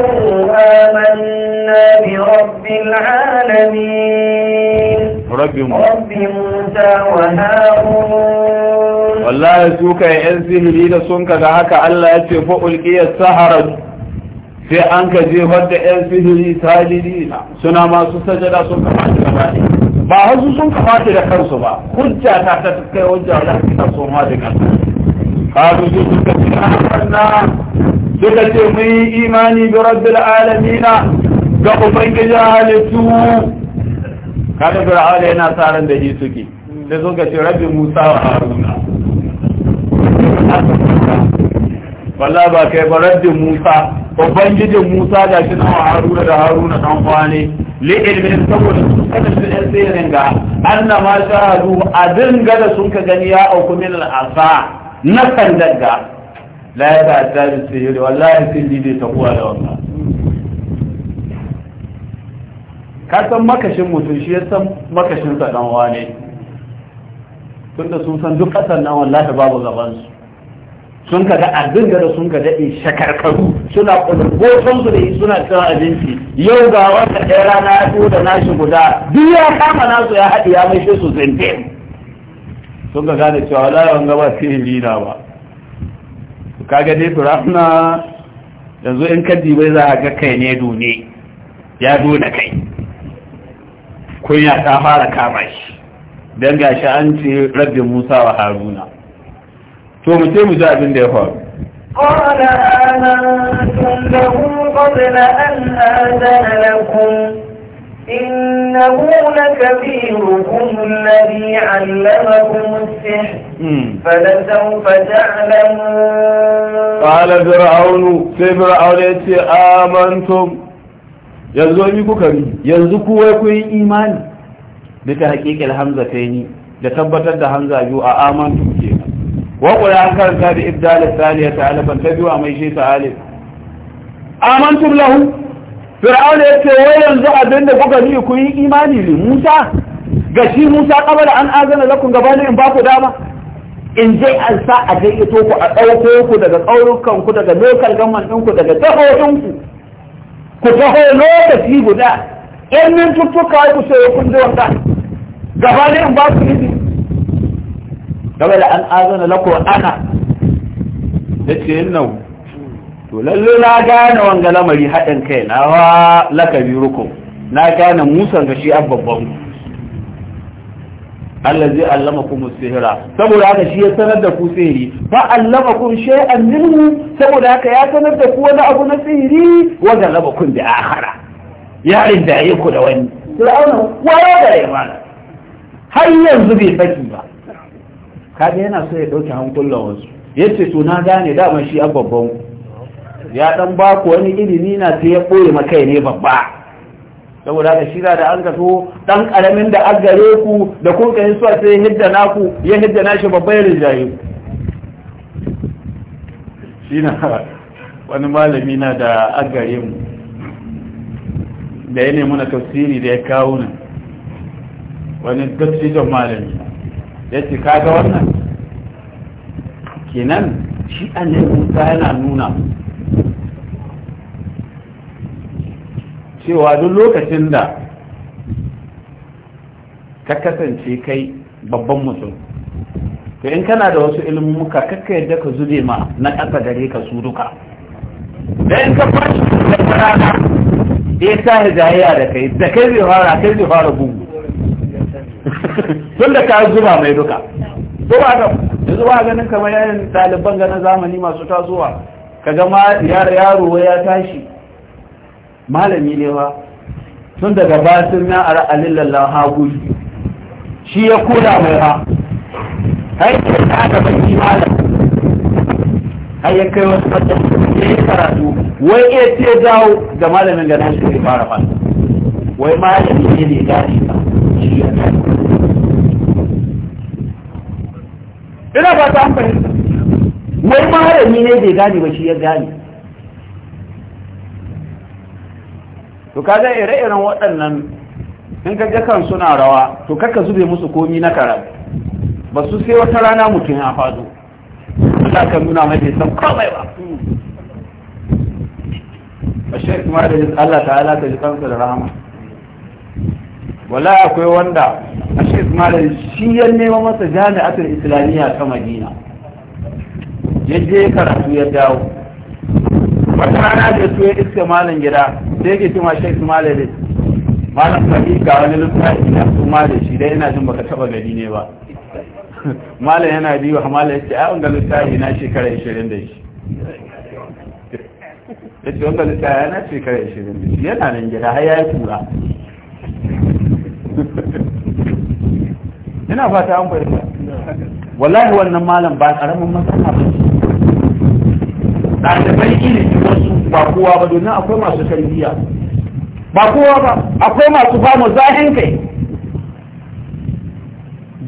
آمنا برب العالمين رب موسى وهارون والله سوك يا سهري da sun kaga haka Allah ya ce fa ulqiya sahara sai an ka jefar da yan sihiri sajidina suna masu sajada sun kama da gaba ba wasu sun kamata da kansu ba hujja ta ta kai hujja wala ta so ma da kansu kalu su suka ce amanna ah, suka ce mun yi imani bi rabbil alamin ga ubangiji halittu kada fir'auna yana saran da yi suke sai suka ce rabbi musa wa haruna walla ba kai ba rabbi musa ubangijin musa da shi na haruna da haruna dan kwane li'ilmin saboda sun kada su ɗan tsirin ga an shahadu a shahadu abin gada sun ka gani ya auku min al'asa na kan daga la ya ta ta bi sihiri wallahi sirri ta tabuwa da wannan ka san makashin mutum shi ya san makashin sa dan wane tunda sun san duk kasan nan wallahi babu gaban sun ka ga abin da sun ka daɗe shakarkaru suna kulbosan su da yi suna cin abinci yau ga wata ɗaya rana ya fi da nashi guda duk ya kama nasu ya haɗe ya mai su zinte sun ka gane cewa lawan gaba yi lina ba ka ga dai turafna yanzu in ka bai za a ga kai ne dune ya dole kai kunya ta fara kama shi don gashi an ce rabbi musa wa haruna to mu ce mu ji abin da ya faru قال آمنتم له قبل أن آذن لكم إنه لكبيركم الذي علمكم السحر فلسوف تعلمون قال فرعون فرعون آمنتم yanzu wani kuka bi yanzu kuwa ku yi imani duka haƙiƙar hamza ta yi da tabbatar da hamza biyu a ke. وقل أنكرت بإبدال الثانية علفا تبيوا ما يشيس علف آمنتم له فرعون يتوين زعبين فقد يكون إيماني لموسى gashi Musa kabala an azana lakum gabanin in ba ku dama in je an sa a gayyato ku a ɗauko ku daga ƙaurukan ku daga lokal gamman ɗinku daga tahohin ku ku taho lokaci guda ƴan mintuttuka ku sai kun je in ba ku da an azana lako ana da ce nau to lalle na gane wanga lamari haɗin kai na wa lakabi rukun na gane musan ga shi babban Allah zai allama kuma sihira saboda haka shi ya sanar da ku sihiri fa allama kun shay'an minhu saboda haka ya sanar da ku wani abu na sihiri wa galaba kun bi akhara ya rinda ku da wani fir'auna wa ya gare mana har yanzu bai saki ba kaga yana so ya dauke hankulan wasu yace to na gane dama shi a babban ya dan ba ku wani ilimi na sai ya ma kai ne babba saboda haka shi da an kaso dan karamin da an gare ku da kun kai su sai hidda ku ya hidda nashi babba ya rijaye shi na (laughs) wani malami na da an gare mu da ya nemi na tafsiri da ya kawo ni. wani dattijon malami ya ce kaga wannan kenan shi yi musa yana nuna cewa duk lokacin da ka kasance kai babban mutum to in kana da wasu ilmuka kakka yadda ka zube ma na ƙasa gare ka su duka da in ka fashe da rana ya sa da kai da kai zai fara kai zai fara bugu tun da ka zuba mai duka zuba ba ga yanzu ba ganin kamar yayin ɗaliban na zamani masu tasowa kaga ma yaro ya tashi malami ne ba tun daga sun na ara alillallah ha gudu shi ya kula mai ha har ke ta ga baki malam har ya kai wasu fatan ya yi karatu wai eh iya ce dawo ga malamin ganin shi ne fara fara wai malami ne ne ya ina ba ta amfani wai malami ne bai gane ba shi ya gane to kaga ire-iren waɗannan in ga kan suna rawa to kaka zube musu komi na karatu ba su sai wata rana mutum ya fado. za ka nuna mai bai san komai ba a shek da Allah ta'ala ta ji kansa da rahama wala akwai wanda a shi malam shi ya nema masa jami'atul islamiyya ta madina ya je karatu ya dawo wata rana da su ya iska malam gida sai ke cima shi malam malin fadi ga wani lissafi na su malin shi dai ina jin baka taba gani ne ba (laughs) malam yana biyu wa malam ya ce ai wanga lissafi na shekara 20 da shi (laughs) ya ce wanga lissafi na shekara 20 da shi yana nan gida har ya yi tura (laughs) ina fata an fahimta wallahi wannan malam ba karamin matsala ba ɗalibai ilimi wasu ba kowa ba domin akwai masu tarbiyya ba kowa ba akwai masu fama zahin kai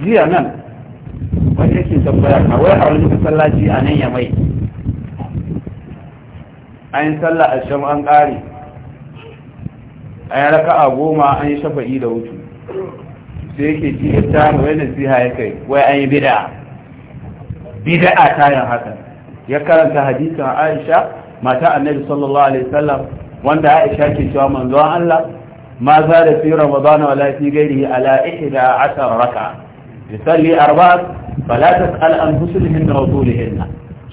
jiya nan wani yake tambaya a wai a wani masallaci a nan ya mai an yi sallah a shan an ƙare a yi raka a goma an yi shafa'i da wuce da yake ji ya samu wai nasiha ya kai wai an yi bida'a bid'a tayin hakan ya karanta a Aisha mata Annabi sallallahu alaihi wasallam wanda Aisha ke cewa manzon Allah ma za da fi Ramadan wala fi ghairihi ala asar raka yusalli arba'a fala tas'al an husnihin wa tulihin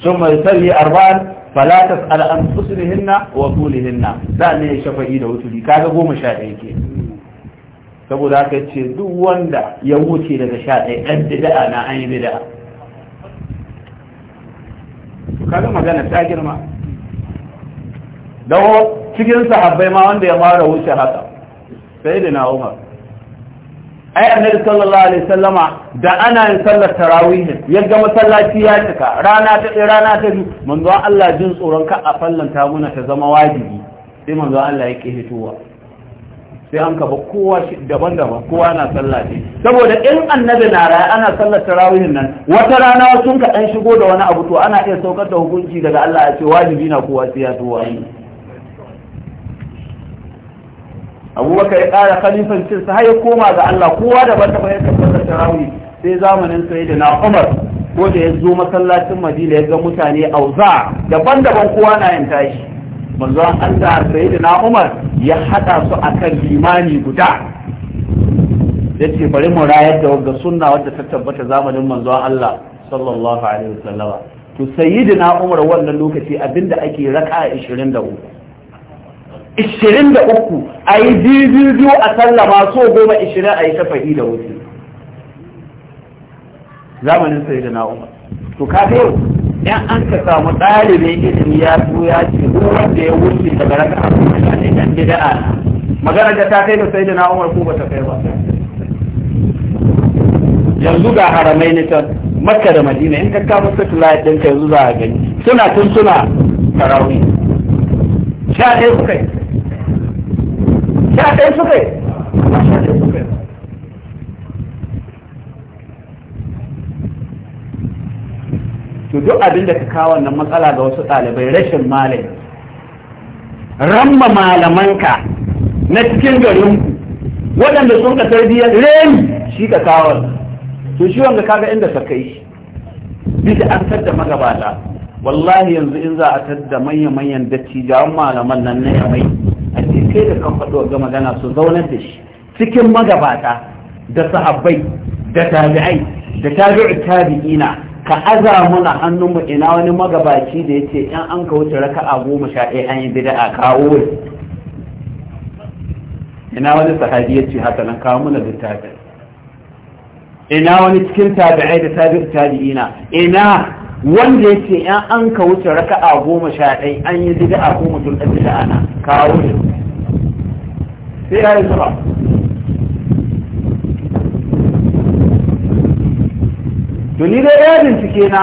thumma yusalli arba'a fala tas'al an husnihin wa tulihin da ne shafa'i da wuturi kaga goma 11 ke saboda haka ce duk wanda ya wuce daga sha ɗaya ɗan bida'a na an yi bida'a kaga magana ta girma dawo cikin sahabbai ma wanda ya fara wuce haka sai da na umar ai annabi sallallahu alaihi sallama da ana yin sallar tarawih ya ga masallaci ya cika rana ta ɗaya rana ta biyu manzo Allah jin tsoron ka a fallanta muna ta zama wajibi sai manzo Allah ya ke hitowa sai an kafa kowa daban-daban kowa na sallah ne saboda in annabi na raya ana sallar tarawihin nan wata rana sun ka dan shigo da wani abu to ana iya saukar da hukunci daga Allah ya ce wajibi na kowa sai ya tuwa abubakar ya ƙara cin sa har ya koma ga Allah kowa daban-daban ya sallar tarawih sai zamanin sai da na Umar ko da ya zo masallacin Madina ya ga mutane auza daban-daban kowa na yin tashi manzon Allah sayyidina Umar ya hada su akan limani guda yace bari mu rayar da wagga sunna wadda ta tabbata zamanin manzon Allah sallallahu alaihi wasallam to sayyidina Umar wannan lokaci abinda ake raka 23 23 ayi biyu biyu a sallama so goma 20 yi shafa'i da wuce zamanin sayyidina Umar to ka yan an ka samu ɗalibin ilimi ya zo ya ce wanda ya wuce daga raka a kuma ne dan bid'a magana da ta kai da sai da na umar ko bata kai ba yanzu ga haramai ne ta makka da madina in ka kama satellite ɗin ka yanzu za a gani suna tun suna tarawih sha ɗaya su kai sha ɗaya su kai sha ɗaya to duk abin da ka kawo wannan matsala ga wasu ɗalibai rashin malai ramma malamanka na cikin ku waɗanda sun ka tarbiyyar reni shi ka kawo to shi wanda kaga inda ka kai shi bisa an tadda magabata wallahi yanzu in za a tadda manya-manyan dattijawan malaman nan na yamai a kai da kan faɗo ga magana su zaunar da shi cikin magabata da sahabbai da tabi'ai da tabi'u tabi'ina ka aza muna hannunmu ina wani magabaci da ya ce in an ka wuce raka'a goma sha ɗaya an yi bida'a kawo ina wani sahabi ya ce haka nan kawo muna littafin ina wani cikin tabi'ai da tabi'u tabi'ina ina wanda ya ce in an ka wuce raka'a goma sha ɗaya an yi bida'a goma sun ɗan bida'a na kawo sai ya yi to ni dai ya bincike na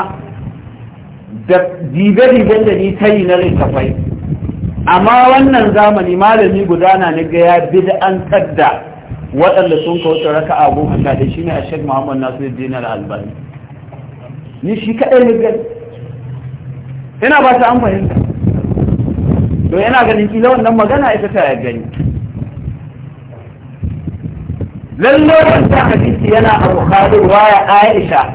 da dibe-diben da ni ta yi na littafai amma wannan zamani malami gudana na ga ya bid'antar da waɗanda sun kawo raka a goma sha shi ne a shek muhammad nasiru dinar albani ni shi kaɗai ne gani ina ba ta an fahimta to yana ganin kila wannan magana ita ta ya gani lallai wannan hadisi yana abu bukhari waya aisha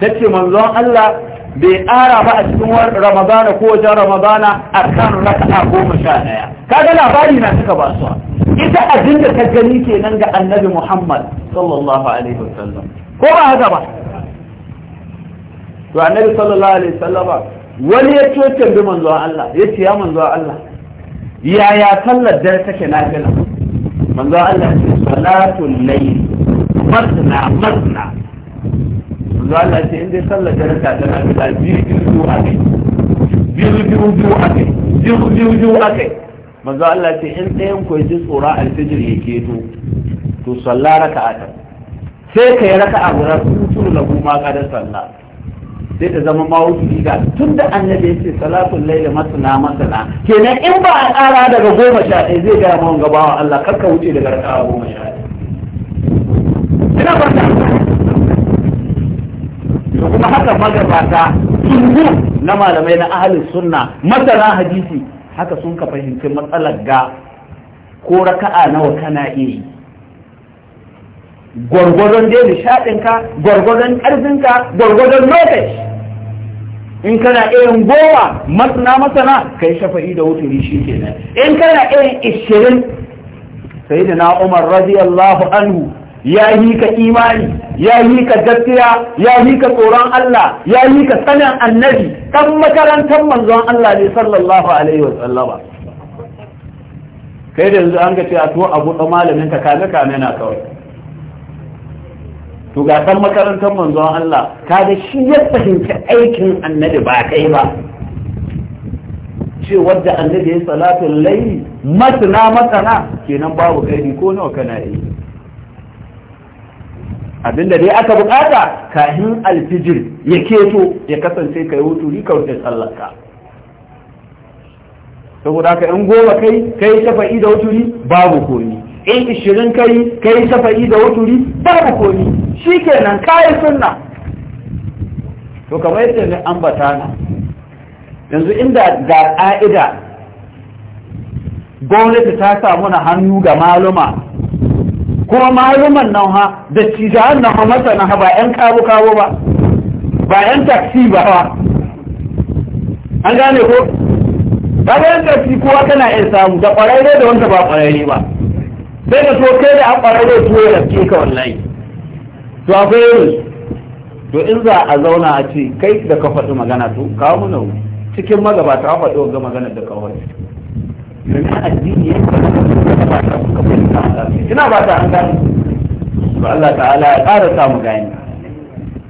tace manzon Allah bai ƙara ba a cikin ramadana ko wajen ramadana a kan raka'a goma sha ɗaya kaga labari na suka ba su ita abin da ta gani kenan ga annabi muhammad sallallahu alaihi wasallam ko ba haka ba to annabi sallallahu alaihi wasallam wani ya ce tambi manzon Allah ya ce ya manzon Allah yaya sallar dare take nafila manzon Allah ya ce salatul layl masna masna zuwa Allah ce in dai sallar da raka tana fita biyu biyu biyu a kai biyu biyu biyu a kai biyu biyu biyu a kai manzo Allah ce in ɗayan ku ji tsora alfijir ya keto to salla raka'atan sai ka yi raka raka'a guda tutur lahu ma qadar salla sai ta zama ma wuce tun da annabi ya ce salatul layli masana masana. kenan in ba a ƙara daga goma sha ɗaya zai ga mun gabawa Allah kar ka wuce daga raka'a goma sha ɗaya ina ba ta haka magabata tunu na malamai na ahalin sunna masana hadisi haka sun ka fahimci matsalar ga ko raka'a nawa kana iya gwargwadon dai nishaɗinka gwargwadon ƙarfinka gwargwadon lokaci in kana irin gowa masana masana kai shafa'i da wuturi shi kenan in kana irin ishirin sai da na umar radiyallahu anhu ya yi ka imani ya yi ka gaskiya ya yi ka tsoron Allah ya yi ka sanin annabi kan makarantar manzon Allah ne sallallahu alaihi wa sallama kai da yanzu an ga ce a to abu da malamin ka kame kame na kawai to ga san makarantar manzon Allah ka da shi ya fahimci aikin annabi ba kai ba ce wadda annabi ya salatu layli masana masana kenan babu kai ko nawa kana yi abinda dai aka bukata kahin alfijir ya keto ya kasance ka yi wuturi ka wuce sallarka saboda ka in goma kai kai shafa'i da wuturi babu komi in ishirin kai kai shafa'i da wuturi babu komi shikenan kai sunna to kamar yadda ne ambata na yanzu inda ga ƙa'ida gwamnati ta samu na hannu ga maluma kuma maluman nan ha da cijiyar na hamasa na ha ba 'yan kawo-kawo ba ba 'yan taksi ba ba an gane ko ba ga 'yan taksi kowa kana iya samu da ƙwararre da wanda ba ƙwararre ba sai da so kai da an ƙwararre su ya ke ka wallahi to akwai yin to in za a zauna a ce kai da ka faɗi magana to kawo mana cikin magabata a faɗi wa ga magana da kawai domin addini ya kuma kuma kuma kuma ina ba ta an gani to Allah ta'ala ya ƙara samu gani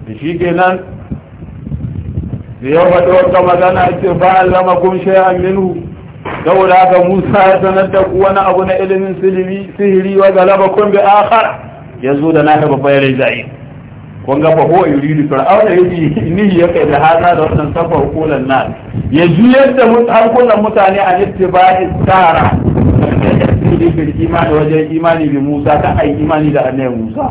da shi kenan da yau ba wata magana ce ba allama kun shay'an minhu saboda haka Musa ya sanar da ku wani abu na ilimin sihiri wa galaba kun bi akhar yazo da na ta babbar rai kun ga faho yuridu da yaji ni ya kai da hada da wannan safa hukulan nan ya juyar da harkunan mutane a ittiba'i tsara bil imani wajen imani bi Musa ta ai imani da annabi Musa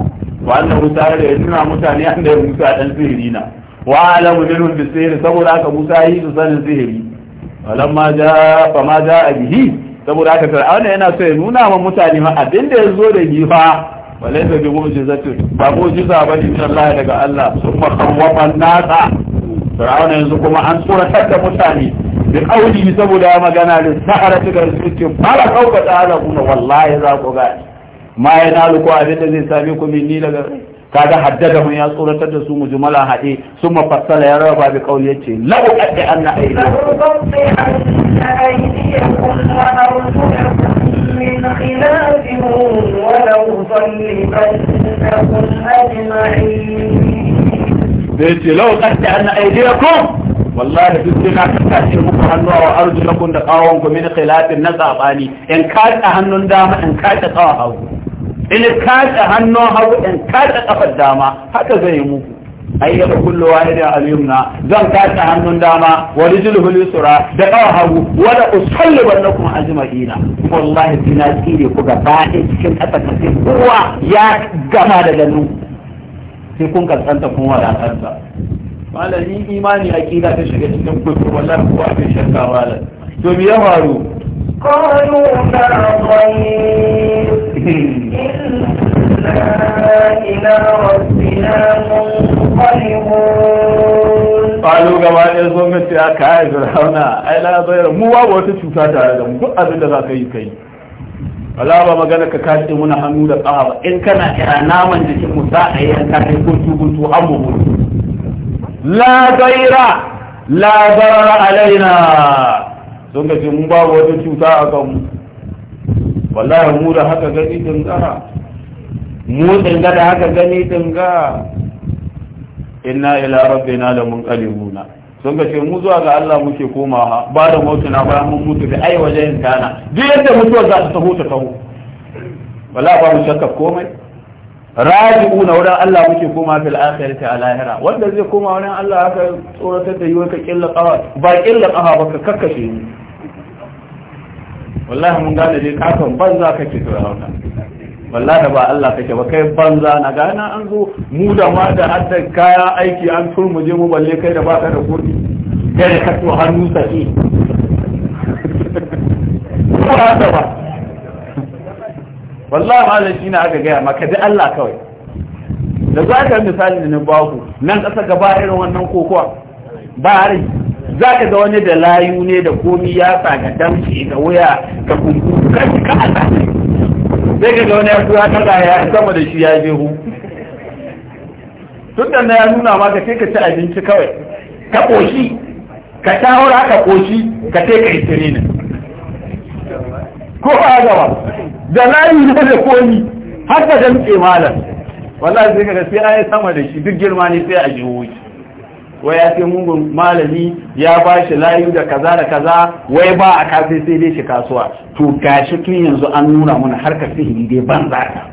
wa annahu tare da yana mutane annabi Musa dan sihiri na wa alamu minhum bi sihiri saboda haka Musa yi su sanin sihiri falamma ja fa ma ja bihi saboda haka fir'auna yana so ya nuna wa mutane ma abinda ya zo da gifa walai da bi mu'jizatu ba mu'jiza bane min Allah daga Allah summa khawwafa nasa Fir'auna yanzu kuma an tsoratar da mutane da kauli saboda ya magana da sahara ta garsu ce fara kauka tsara kuma wallahi za ku ga ma ya nalu ko abin da zai same ku min ni daga kaga haddada hun ya tsoratar da su mujmala hade sun mafassala ya raba bi kauli yace lau anna aydiyakum خلافهم ولو صلبتهم أجمعين بيتي لو قلت أن أيديكم والله تسمع تسمع تسمع وأرجو لكم دقاومكم من خلاف النزع إن كانت أهن دام إن كانت قاها إن كانت أهن نوها إن كانت قفت داما هكذا يموكم ai yaba kullu wahidin al-yumna zan tashi hannun dama wa rijluhu yusra da kawa hagu wa la usallibannakum ajma'ina wallahi ina tsire ku gaba cikin kasa kace kowa ya gama da ganin sai kun kaskanta kun wadatanta malami imani aqida ta shiga cikin kullu wallahi ko abin shakka malam to me ya faru قالوا لا خير إنا إلى ربنا منقلب Ƙalu gaba ɗaya zo mace ya kaya zirauna, ai na bayar mu wa wata cuta tare da mu duk abin da za ka yi kai wala ba magana ka kashe muna hannu da ƙaha ba in kana kira naman jikin mu za a yi ka kashe kuntu kuntu an mu mutu la zaira, la darara alaina sun ka ce mu babu wata cuta a kan mu wallahi mu da haka gani dingara mu dinga da haka gani dinga inna ila rabbina munqalibuna sun ga ce mu zuwa ga Allah muke komawa ba da na ba mun mutu da ai wajen tana duk yadda mutuwar za ta taho ta taho wala ba mu shakka komai raji'una wurin Allah muke koma fil akhirati a lahira wanda zai koma wurin Allah aka tsoratar da yiwa ka killa qawa ba killa qawa ba ka kakkashe ni wallahi mun gane dai kafan ka kake tsoratar da ba Allah kake ba kai banza na gana an zo mu da ma da hadda kaya aiki an turmu je mu balle kai da ba ka da kudi kai da kato hannu sai ba da ba wallahi shi na aka gaya maka da Allah kawai da za ka misali da na baku nan ƙasa gaba irin wannan kokowa ba rai za ka ga wani da layu ne da komi ya tsaga damshi ga wuya ka kunku ka ka Allah sai ga wani ya tura ya sama da shi ya je hu tun da na ya nuna ka sai ka ci abinci kawai ka koshi ka shawara ka koshi ka sai ka isire ne ko a gaba da layi ne da komi har ka damke malam wallahi sai ka ga sai sama da shi duk girma ne sai a jihohi wai ya ce mungun malami ya ba shi layu da kaza da kaza wai ba a kafin sai dai shi kasuwa to gashi tun yanzu an nuna mana harkar sihiri dai ban za ka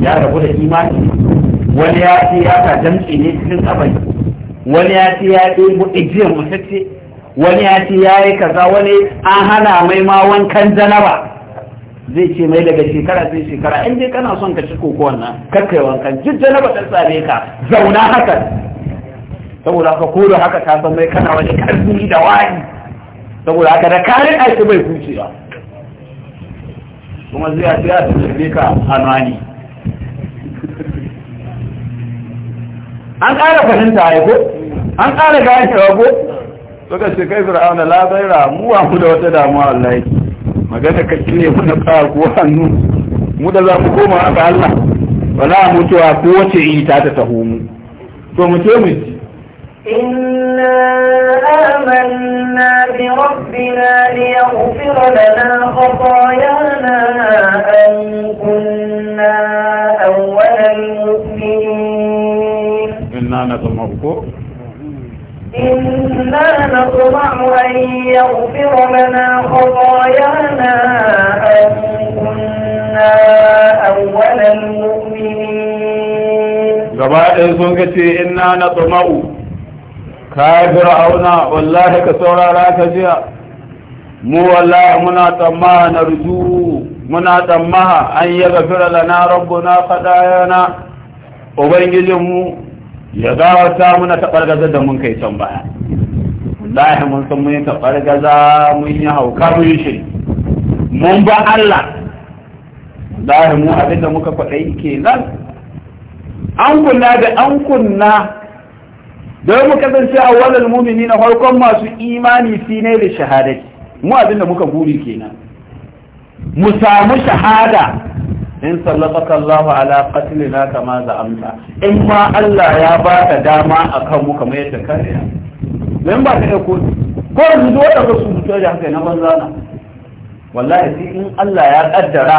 ya rabu da imani wani ya ce ya ka jamtsi ne cikin tsabai wani ya ce ya ɗebo ijiyar mutacce wani ya ce ya yi kaza wani an hana mai ma wankan janaba zai ce mai daga shekara sai shekara in dai kana son ka ci kokowar nan karkai wankan jijja na baɗar tsare ka zauna haka saboda haka ko da haka ka san mai kana wani karfi da wani saboda haka da karin aiki bai kucewa kuma zai ce a tsirbe ka anani an ƙara fahimta ya ko an ƙara gane ko suka ce kai fir'auna la zaira mu wa mu da wata damuwa wallahi magana ka ne muna ba ku hannu mu da za mu koma ga Allah wala mu cewa ko wace yi ta ta taho mu to mu ce mu inna amanna إنا آمنا بربنا ليغفر لنا خطايانا أن كنا أول المؤمنين إنا نطمعكم إنا نطمع أن يغفر لنا خطايانا أن كنا أول المؤمنين gabaɗin sun ka ce inna na tsumau ka fir'auna wallahi ka saurara ka jiya mu wallahi muna tsammaha na ruju muna tsammaha an yi gafira lana rabbuna khadayana ubangijinmu ya gawarta muna taɓargazar da mun kai can baya lahi mun san mun taɓargaza mun yi hauka mun yi shiri mun ba Allah lahi mu abin da muka faɗa ke nan an kunna da an kunna don mu kasance a wannan mumini na farkon masu imani fi ne da shahadati mu abin da muka buri kenan mu samu shahada in sallabaka Allahu ala na kama amsa. in ma Allah ya ba baka dama a akan mu kamar yadda ka riya dan ba ka ko ko yanzu da wanda su mutu da haka na banza na wallahi sai in Allah ya kaddara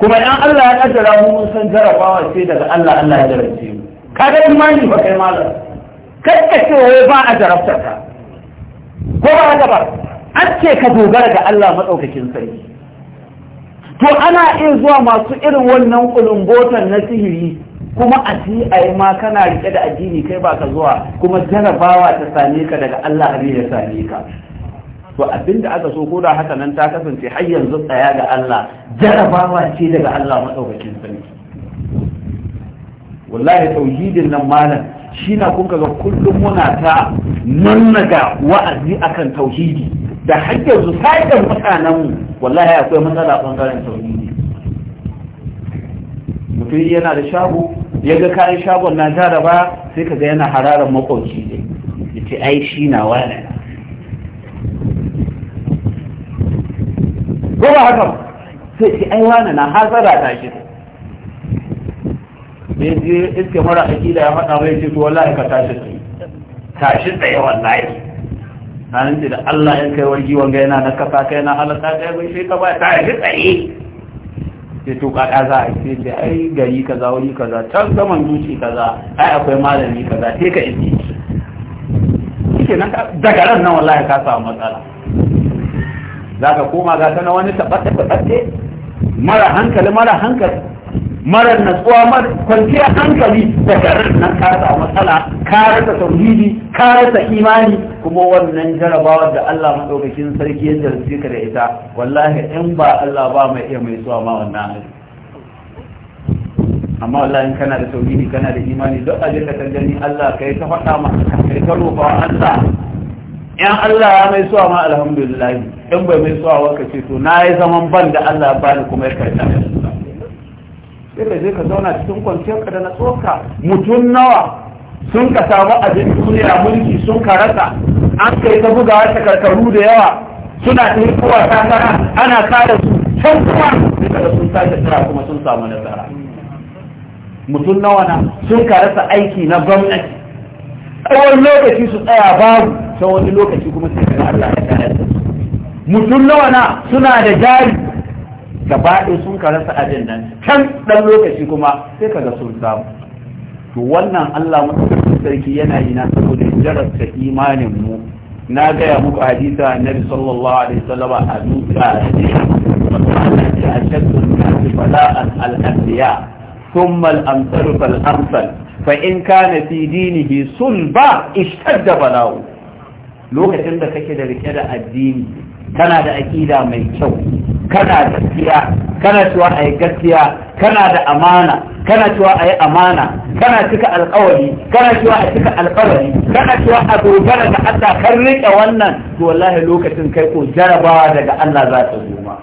kuma in Allah ya kaddara mu mun san jarabawa ce daga Allah Allah ya jarabce mu kaga imani ba kai malam kai ka ce wai ba a jarabta ka ko ba haka ba an ce ka dogara ga Allah madaukakin sarki to ana iya zuwa masu irin wannan kulumbotan na sihiri kuma a ci a yi ma kana rike da addini kai ba ka zuwa kuma jarabawa ta same ka daga Allah ne ya same ka to abinda aka so ko da haka nan ta kasance har yanzu tsaya ga Allah jarabawa ce daga Allah madaukakin sarki wallahi tauhidin nan malam shi na kun ga kullum muna ta nannaga wa'azi akan tauhidi da hanyar su sa'idar mutanen wallahi akwai matsala bangaren tauhidi mutum yana da shago ya ga kayan shagon na jaraba sai ka ga yana hararar makwauci ne ya ce ai shi na wane ko haka sai ce ai wane na hazara ta shi ne je iske mara akida ya faɗa mai ce to wallahi ka tashi tsaye tashi tsaye wallahi hannun da Allah ya kai wargi wanga yana na kasa kai na halaka kai bai sai ka ba ta yi tsaye sai to kaka za a ce da ai gari kaza wuri kaza can zaman duci kaza ai akwai malami kaza sai ka isi shike nan daga ran nan wallahi ka samu matsala ka koma ga ta na wani tabbatar tabbatar mara hankali mara hankali marar natsuwa kwanciyar hankali da garin nan ka samu matsala ka rasa tauhidi ka rasa imani kuma wannan jarabawar da Allah madaukakin sarki ya jarabci ka da ita wallahi in ba Allah ba mai iya mai suwa ma wannan hali amma wallahi kana da tauhidi kana da imani duk abin da kan gani Allah kai ta faɗa ma kai ta roƙa Allah in Allah ya mai suwa ma alhamdulillah in bai mai suwa ka ce to na yi zaman ban da Allah ya bani kuma ya karɓa irin zai ka zauna cikin kwanciyar ka da na tsoka mutum nawa sun ka samu abin duniya mulki sun ka rasa. an kai ta buga wata karkaru da yawa suna ta yi kowa takara ana kare su can kuma sai ka sun sake tsira kuma sun samu nasara mutum nawa na sun ka rasa aiki na gwamnati tsawon lokaci su tsaya babu tsawon wani lokaci kuma sai ka Allah ya kare su mutum nawa na suna da jari gaba ɗaya sun ka rasa ajin nan can ɗan lokaci kuma sai ka ga sun samu to wannan Allah mutum sarki yana yi na saboda jarabta imanin mu na gaya muku hadisa annabi sallallahu alaihi wasallam a duka a shaddun nasi bala'an al-anbiya thumma al-amsal fal fa in kana fi dinihi sulba ishtadda bala'u lokacin da kake da rike da addini kana da aƙida mai kyau kana gaskiya kana cewa a yi gaskiya kana da amana kana cewa a yi amana kana cika alkawari kana cewa a cika alkawari kana cewa a dogara da Allah kan rike wannan to wallahi lokacin kai ko jarabawa daga Allah za ta zo ma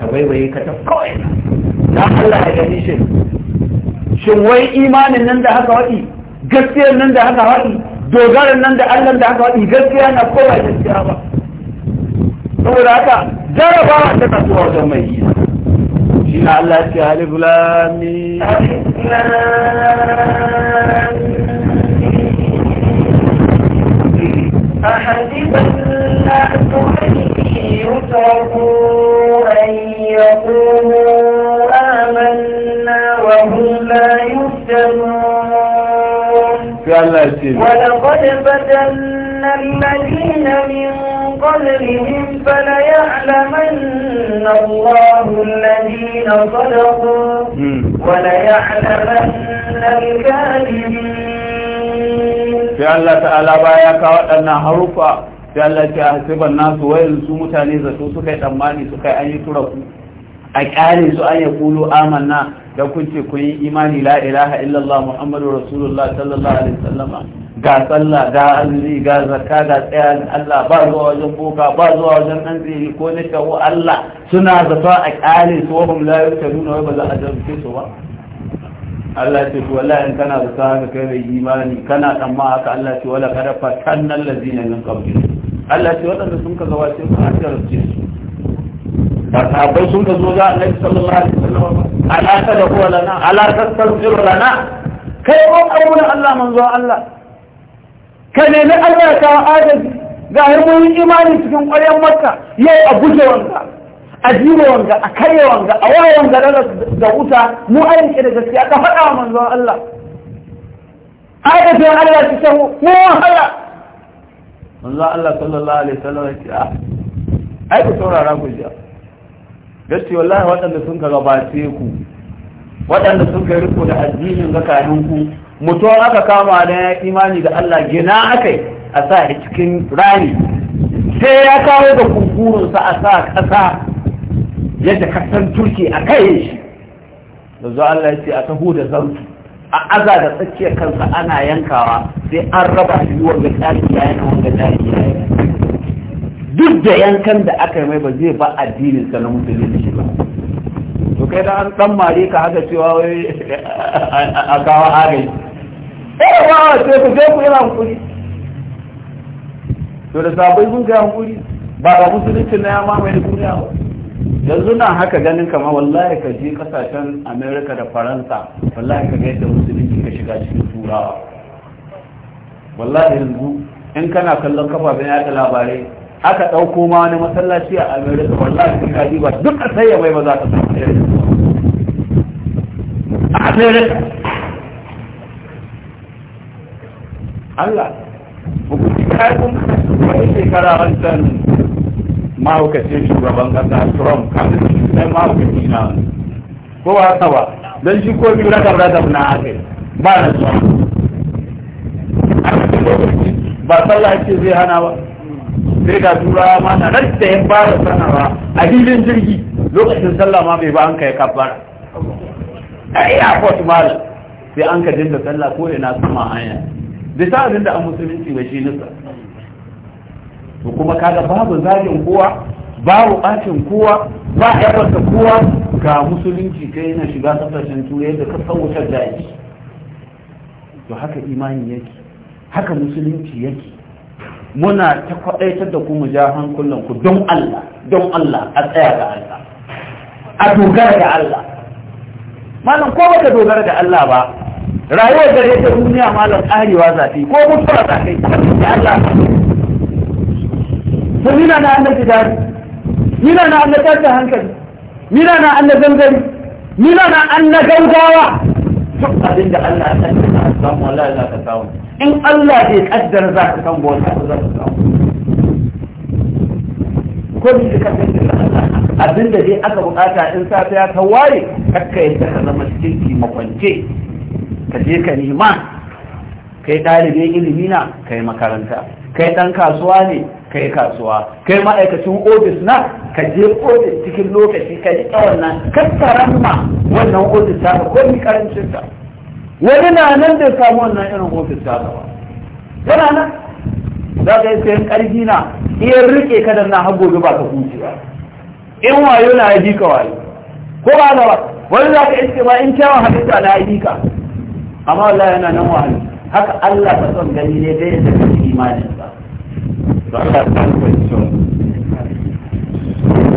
ka baibaye ka ta kawai na Allah ya gani shi shin wai imanin nan da haka wadi gaskiyar nan da haka wadi dogaran nan da Allah da haka wadi gaskiya na kowa gaskiya ba saboda haka jaraba ta kasuwa wajen mai yi shi na Allah ce alif lami أحسب الناس أن يتركوا أن يقولوا آمنا وهم لا يفتنون ولقد فتنا أن الذين من قبلهم فليعلمن الله الذين صدقوا sai Allah ta'ala ba ya kawo waɗannan haruffa sai Allah ta ce a sai nasu wayan su mutane zato suka yi tsammani suka yi an yi tura ku a ƙyale su an ya kulu amanna da kun ce kun yi imani la ilaha illallah muhammadu rasulullah sallallahu alaihi sallama. ga sallah ga azumi ga zakka ga tsayan Allah ba zuwa wajen boka ba zuwa wajen dan tsiri ko na shawo Allah suna zafa a ƙyale su wa hum ta nuna, wai ba za a jarumce su ba Allah ce to wallahi in kana zata haka kai mai imani kana dan haka Allah ce wala kada fatanna allazina min qablikum Allah ce wadanda sun ka gabace su a jarumce su ba sahabbai sun ka zo ga annabi sallallahu alaihi wasallam ala ta da lana ala ta tasfiru lana kai ko kawuna Allah manzo Allah ka nemi Allah ta agaji ga mun imani cikin ƙwaryen makka yau a guje wanka a jiwa wanka a karye wanka a waye wanka da wuta mu ayyuka da gaskiya ka faɗa wa manzon Allah agajin Allah ta shahu mu Allah sallallahu alaihi yace wallahi waɗanda sun ka gabace ku waɗanda sun kai riko da addinin zakarin ku mutum aka kama da ya imani da Allah gina akai a sa a cikin rani sai ya kawo da kunkurunsa a sa ƙasa yadda kasan turki a kai shi da zuwa Allah ya ce a taho da zartu a aza da tsakiyar kansa ana yankawa sai an raba shi wanda tsari ya wanda tsari ya duk da yankan da aka yi mai ba zai ba addinin sa na musulunci ba to kai da an dan mare ka haka cewa wai a kawo agai eh wa sai ku je ku yi hankuri to da sabai mun ga hankuri ba ga musulunci na ya mamaye duniya ba yanzu nan haka ganin kama wallahi ka je kasashen amerika da faransa wallahi ka ga yadda musulunci ka shiga cikin turawa wallahi yanzu in kana kallon kafafen yada labarai aka ɗauko ma wani masallaci a amerika wallahi sun kaji ba duk a sai ya bai ba za ka samu a amerika allah hukunci kayan wani shekara wancan mahaukacin shugaban kasa trump kafin shi sai mahaukaci na ko ba haka ba don shi ko biyu rakam rakam na aka ba na zuwa ba sallah ce zai hana ba sai ga turawa ma na nan da ya fara sanarwa a filin jirgi lokacin sallah ma bai ba an kai kafar a airport malam sai an ka dinga sallah ko ina sama hanya da sa abin da an musulunci ba shi nisa to kuma kaga babu zagin kowa babu bacin kowa ba aibarta kowa ga musulunci kai yana shiga kasashen turai da kasan wutar daji to haka imani yake haka musulunci yake muna ta kwaɗaitar da ku mu ja hankulan ku don Allah don Allah a tsaya ga Allah a dogara ga Allah malam ko baka dogara ga Allah ba rayuwar gare ta duniya malam karewa zafi ko mutuwa zafi da Allah to nina na annabi gari nina na annabi da hankali nina na annabi gangari nina na annabi gangawa. duk abin da Allah ya sani ka samu wallahi za ka samu in Allah bai kaddara za ka san bota ko za ka samu ko ni ka kaddara abin da dai aka bukata in safiya ta kawaye kakka yadda ka zama cikin kimakwance ka je ka nema kai ɗalibin ilimi na kai makaranta kai ɗan kasuwa ne kai kasuwa kai ma'aikacin ofis na ka je ofis cikin lokaci ka ji wannan nan ma wannan ofis ta ko ni karancin ta wani na nan da samu wannan irin ofis ta gaba. yana nan za ka yi sayan ƙarfi na iya rike kadan na har ba ka huce ba in wayo na ya ka wayo ko ba ba wani za ka iske ba in kyawun halitta na ya ka amma Allah yana nan wahala haka Allah ta son gani ne da yadda ka imanin sa to Allah ta kwanciyo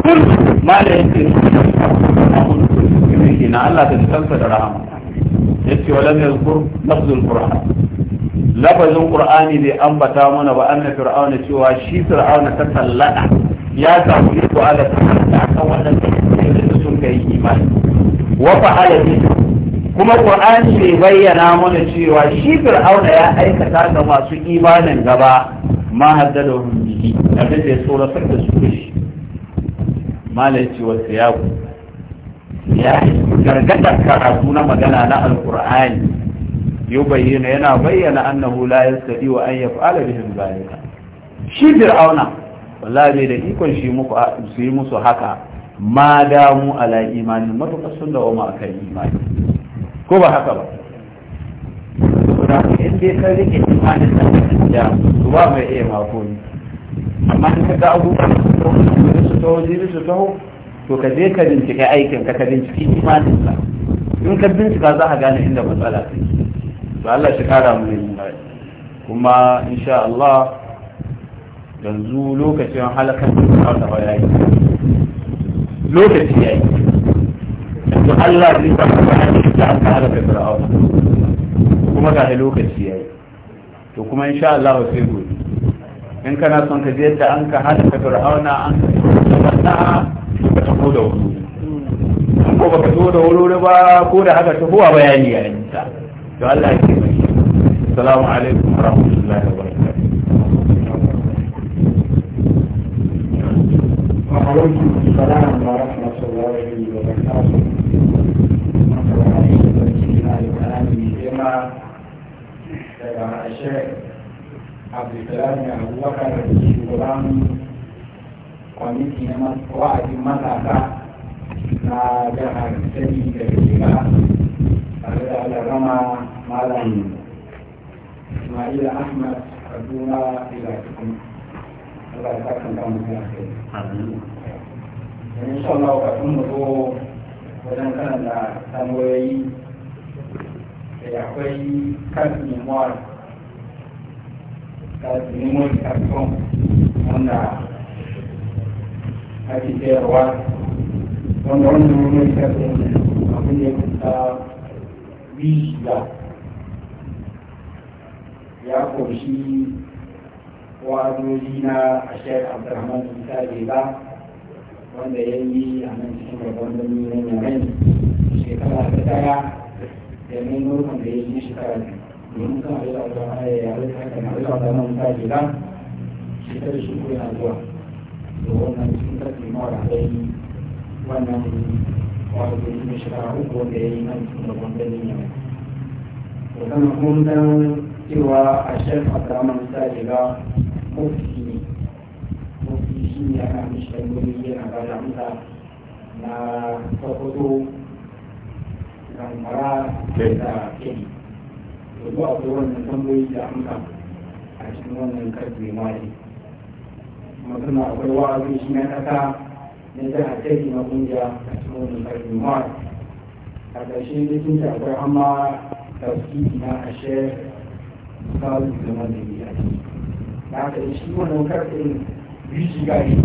kun malayin kai na Allah ta tsanta da rahama yace walam yazkur lafzul qur'an lafazin qur'ani bai ambata mana ba anna fir'auna cewa shi fir'auna ta sallada ya samu iko ala ta kan wannan da sun kai imani wa fa'ala bi kuma qur'ani bai bayyana mana cewa shi fir'auna ya aikata ga masu imanin gaba ma haddada bihi abin da ya tsoratar da su shi malai cewa sayaku ya gargadar karatu na magana na alkur'ani yau bayyana yana bayyana annahu la yastadi wa an yaf'ala bihim zalika shi fir'auna wallahi da ikon shi muku su yi musu haka ma damu ala imani matuƙa sun da wama akan imani ko ba haka ba in dai ka rike imanin da su ba mai iya makoni amma in ka ga abubuwan su taho jiri su taho to ka je ka bincika aikin ka ka binciki imanin ka in ka bincika za ka gane inda matsala ta to Allah shi kara mu ne kuma insha Allah yanzu lokacin halakar da ta yayi lokaci yayi yanzu Allah zai ta bayani da aka halaka Fir'auna kuma ga lokaci yayi to kuma insha Allah sai gobe in kana son ka je yadda an ka halaka Fir'auna an ka ta. ba ta ko da wuri ko ba ka zo da wuri ba ko da haka ta kowa bayani ya yi ta to Allah ya kima shi assalamu alaikum wa rahmatullahi wa Daga Ashe, Abdulkalam Abubakar, shugaban kwamiti na wa'adin matasa na jihar sani da shiga tare da alarama malam ismaila ahmad kaduna ila cikin alaƙaƙan ya sa kan kamun ya kai. Insha mu zo wajen kanan da tambayoyi da eh, akwai kan memoir da memory at wanda ake sayarwa wanda wannan wani karfin abin da ya kusa bishiya ya ƙunshi wadoji na ashir abdurrahman misali ba wanda ya yi a nan cikin babban birni na yamai shekara ta daya da mai nufin da ya yi shekara biyu domin kan abin da ya halitta kan abin da misali ba shekara shi ko yana zuwa to wannan sun karfe mawar akwai wannan wato da yake shekara uku wanda ya yi nan cikin babban birnin yamma to sannan kun san cewa a shek abdurrahman sa shiga mufti ne mufti shi ne aka mishi tambayoyi yana ba da amsa na sokoto zamfara da kebbi to duk akwai wannan tambayoyi da amsa a cikin wannan karfe mawar magana akwai wa'azi shi na ƙasa na jihar teki na kungiya a cikin wani karfin mawar a ƙarshe da sun ta akwai amma tafsiri na ashe misali da mazini a ciki na haka da shi wannan karfin rishi ga shi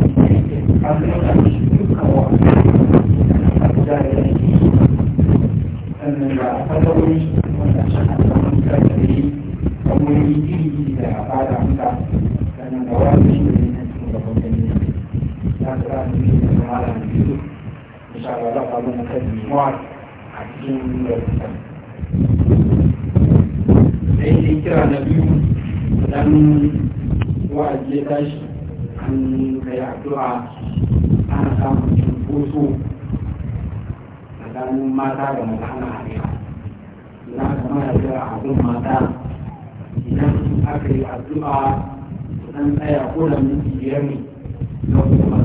a zai da shi dukkan wa a jihar teki sannan da fasauri wanda shi a samun karfin kamar yi iri da a fada muka sannan da wa'azi da na kira ne da malam biyu insha Allah za ka mana kan yiwuwa a cikin yarda sai dai kira na biyu dan wa'azi ya tashi an kai addu'a ana samun cunkoso tsakanin mata da mata ana haɗewa na kama da jira a gun mata idan aka yi addu'a dan tsaya ko da minti biyar ne idan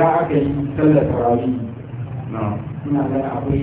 aka yi sallar tarawih ina ga akwai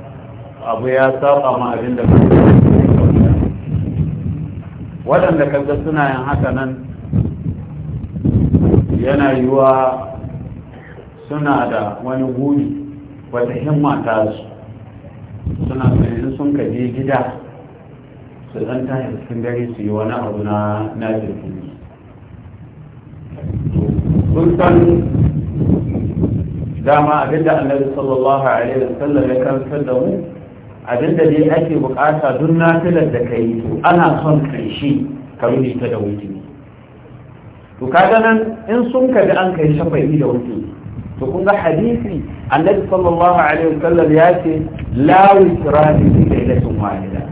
abu ya saba ma abin da waɗanda kaga suna yin haka nan yana yiwa suna da wani guri wata himma ta su suna in sun ka je gida su ɗan ta cikin dare su yi wani abu na na jirgin sun san dama abinda annabi sallallahu alaihi wasallam ya kan da mu abinda dai ake bukata duk nafilar da ka yi to ana son karshe ka rufe ta da wuturi to kaga nan in sun ka an kai shafa'i da wuturi to kun ga hadisi annabi sallallahu alaihi wasallam ya ce la witrani fi lailatin wahida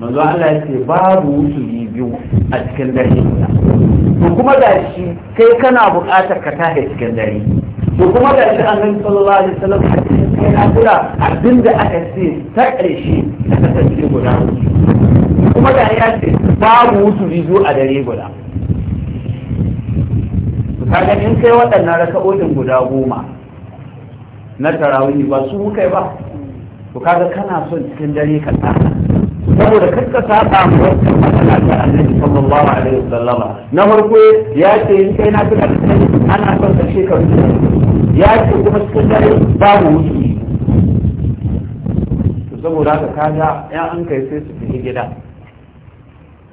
manzo Allah ya ce babu wuturi biyu a cikin dare to kuma da shi kai kana bukatar ka tashi cikin dare to kuma da shi annabi sallallahu alaihi wasallam yana kula da aka ce ta ƙarshe ta kasance guda kuma da ya ce babu wutu rizo a dare guda kaga in kai waɗannan raka'o'in guda goma na tarawih ba su muka ba to kaga kana son cikin dare ka tsaka saboda kakka saba mu wannan matsala ta annabi sallallahu alaihi wasallama na farko ya ce in kai na fita ana son ka shekaru ya ce kuma cikin dare babu wuce saboda haka kaga ya an kai sai su fi gida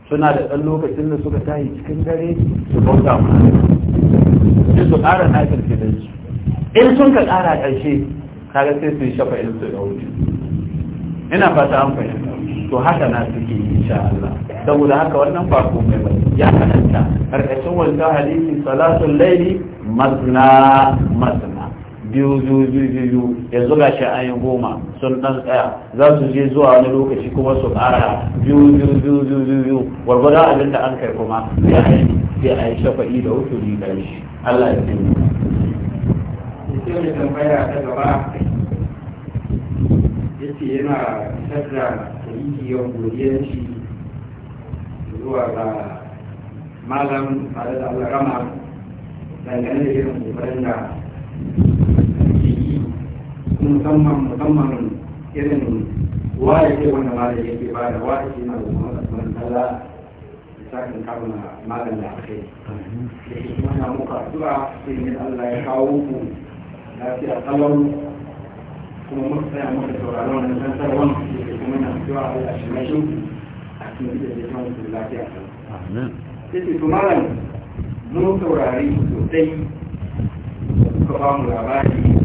suna da ɗan lokacin da suka tashi cikin dare su bauta mu sai su ƙara nafin gidansu in sun ka ƙara ƙarshe kaga sai su yi shafa in su da wuce ina fata an fahimta to haka na suke insha Allah saboda haka wannan ba komai ba ya halatta karkashin wanda hadisi salatul laili masna masna biyu biyu biyu biyu yanzu ga shi an yi goma sun dan tsaya za su je zuwa wani lokaci kuma su ƙara biyu biyu biyu biyu biyu biyu gwargwadon abin da an kai kuma sai a yi sai a yi shafa'i da wuturi da shi Allah ya tsaye. Sai mai tambaya ta gaba ya ce yana sadda tarihiyar godiyanci zuwa ga malam tare da Allah rama dangane da irin kokarin da musamman musamman irin waye ce wanda malam yake ba da waye na kuma sakin malam da akai kuma na muka sai ne Allah ya kawo ku lafiya kalau kuma muka tsaya muka wannan tantarwan kuma na Allah shi na shi a cikin da lafiya kalau malam mun sosai kuka ba mu labari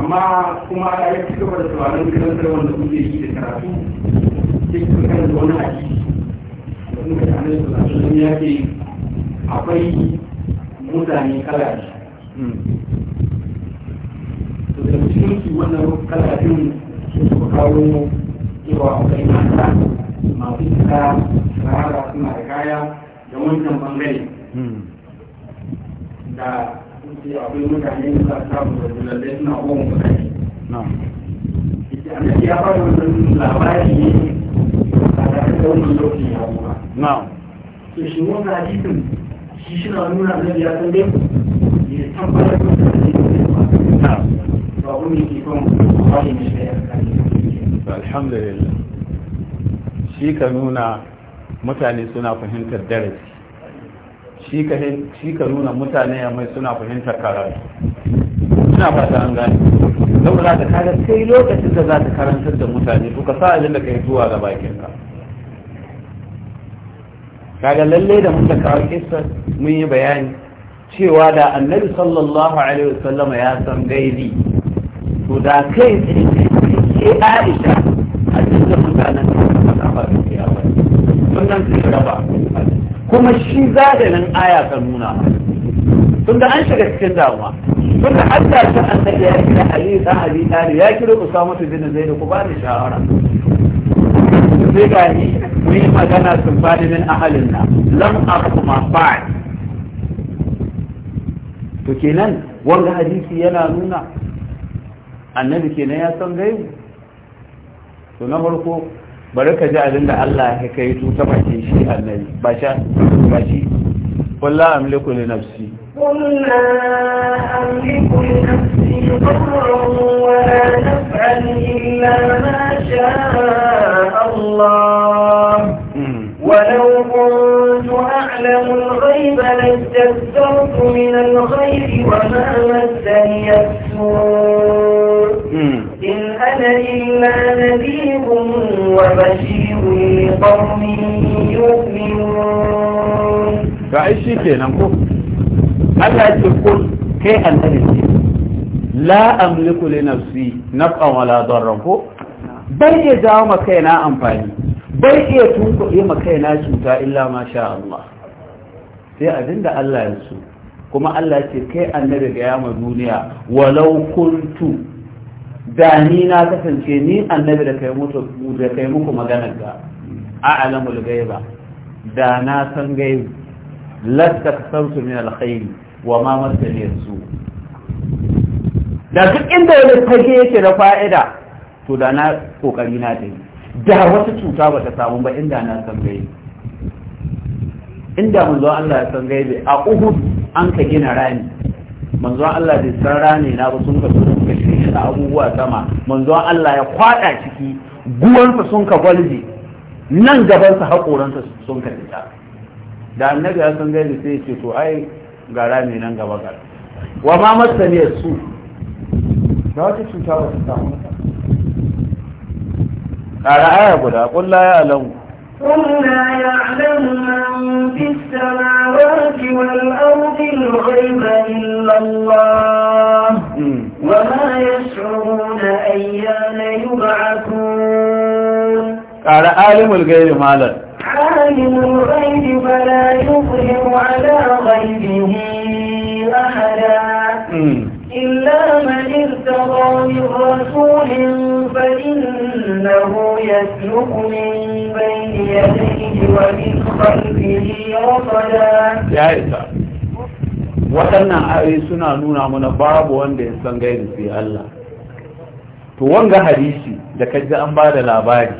amma kuma da ya ci gaba da tsawanin karantar wanda kuma ya yi da karatu cikin kan da wani haƙi da kuma da hannun su sun ya ce akwai mutane kala hmm. to da cikin su wannan kala din su suka kawo cewa akwai mata masu cika shahara suna da kaya da wancan bangare hmm. da ce akwai mutane da za samu da lallai suna uwan mutane annabi ya ba da wannan labari ne a tare da wannan lokaci ya kuma na'am to shi wannan hadisin shi shi na nuna annabi ya san dai ya tabbatar da hadisin na'am ba kuma yake kan wani ne shi ya alhamdulillah shi ka nuna mutane suna fahimtar darasi shi ka nuna mutane ya mai suna fahimtar karatu suna fata an gani za ta kada sai lokacin da za ta karantar da mutane to ka sa abin da yi zuwa ga bakin ka kaga lalle da mun da kawo kissa mun yi bayani cewa da annabi sallallahu alaihi wasallama ya san gaibi to da kai ke Aisha a cikin mutanen da ba ta fara kiyaye wannan sai raba kuma shi zadanin aya ka nuna tun da an shiga cikin damuwa tun da an tashi an da ya kira ali dan ali ya kira ku samu tu bin zai ku ba ni shawara sai ga ni mu yi magana sun ba min ahalin na lam akuma ba to kenan wanda hadisi yana nuna annabi kenan ya san gaibu to na farko bari ka ji abin da Allah ya kai tu ta mace shi annabi ba sha ba shi kullu amliku li nafsi kullu amliku li nafsi darran wa la naf'an illa ma sha'a Allah ولو كنت أعلم الغيب لاستكثرت من الخير وما مسني السوء إلا نذير وبشير لقوم يؤمنون فعيشي كينا نقول ألا تقول كيف أنت لا أملك لنفسي نفعا ولا ضرا كو bai iya jawo makaina amfani bai iya tuko iya makaina cuta illa ma sha Allah sai abinda Allah ya so kuma Allah ce kai annabi ga yamma duniya walau da ni na kasance ni annabi da kai mutu da kai muku magana ga a'lamul ghaiba da na san gaibi lasta kasartu min alkhairi wa ma masani su da duk inda wani take yake da fa'ida to da na kokari na dai da wata cuta ba ta samu ba inda na san gaibi inda manzo Allah ya san gaibi a Uhud an ka gina rami manzo Allah da san ne na ba sun ka sun ka shirye da abubuwa sama manzo Allah ya kwada ciki guwansa sun ka gwalje nan gaban sa hakoransa sun ka fita da annabi ya san gaibi sai ce to ai ga rane nan gaba ga wa ma masaniyar su da wata cuta ba ta samu ka ra'aya guda kullu ya alamu قل لا يعلم من في السماوات والأرض الغيب إلا الله وما يشعرون أيان يبعثون قال عالم الغيب مالا عالم الغيب فلا يظهر على غيبه أحدا إلا من ارتضى من رسول فإنه يسلك من بين يديه ومن خلفه رصدا جائزة waɗannan ayoyi suna nuna mana babu wanda ya san gairi sai Allah to wanga hadisi da kaji an ba da labari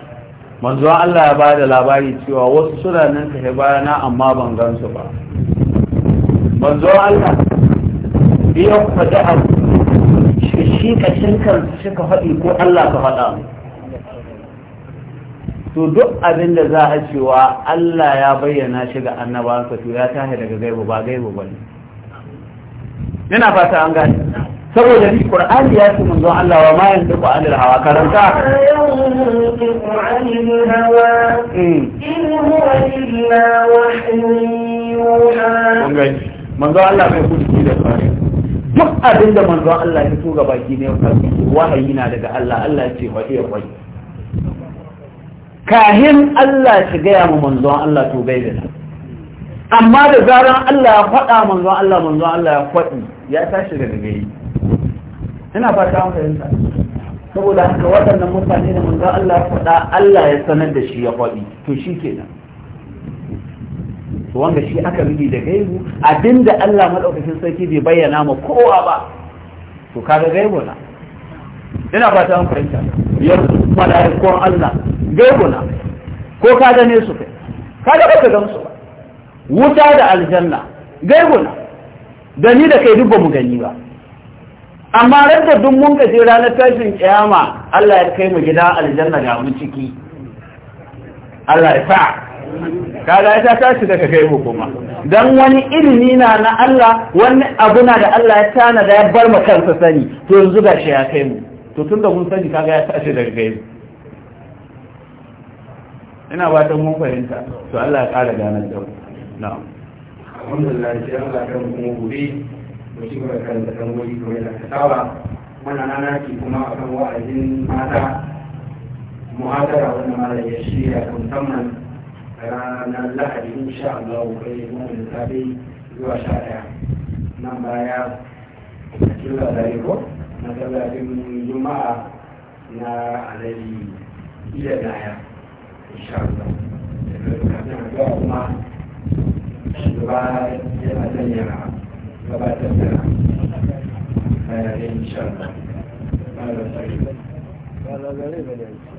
manzo Allah ya ba da labari cewa wasu suna nan ta bayana amma ban gansu ba manzo Allah biyan fada'ar shi ka shi ka faɗi ko Allah ka faɗa to duk abin da za a cewa Allah ya bayyana shi ga annabansa to ya tahi daga gaibu ba gaibu ne yana fata an gane saboda ni Qur'ani ya ce manzon Allah wa ma yantiqu anil hawa karanta manzon Allah bai kuɗi da duk abin da manzon Allah ya tura baki ne wahayi na daga Allah Allah ya ce wa iya wai kahin Allah ya gaya ma manzon Allah to bai da amma da zaran Allah ya faɗa manzon Allah manzon Allah ya faɗi ya tashi daga gari ina fata an fahimta saboda haka waɗannan mutane da manzon Allah ya faɗa Allah ya sanar da shi ya faɗi to shi kenan to wanda shi aka rubi da gaibu abinda Allah madaukakin sarki bai bayyana ma kowa ba to kaga gaibu na ina fata an fahimta yanzu mala'ikun Allah gaibu na ko ka gane su kai ga baka gamsu ba wuta da aljanna gaibu na da ni da kai duk ba mu gani ba amma radda duk mun gaje ranar tashin kiyama Allah ya kai mu gida aljanna ga mu ciki Allah ya sa kaga ita tashi daga kai kuma dan wani ilimi na na Allah wani abu na da Allah ya tana da ya bar mu kansa sani to yanzu ga shi ya kai mu to tunda mun sani kaga ya tashi daga kai ina ba ta mun fahimta to Allah ya ƙara ganar da mu na'am alhamdulillah sai Allah kan mu gobe mu ci gaba kan da kan gobe kamar da kasaba mana nana ki kuma akan wa'azin mata muhadara wannan malam ya shirya kan musamman ranar lahadi insha Allah kai mun tabi zuwa sha daya nan baya a kila da ko na tallafin juma'a na alayi iya daya insha Allah kafin zuwa kuma shugaba yana sanya gabatar da bayanin insha Allah. Ba da sarki. Ba da gare ba da yanki.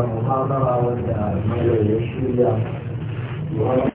muhabara wanda mai ya shirya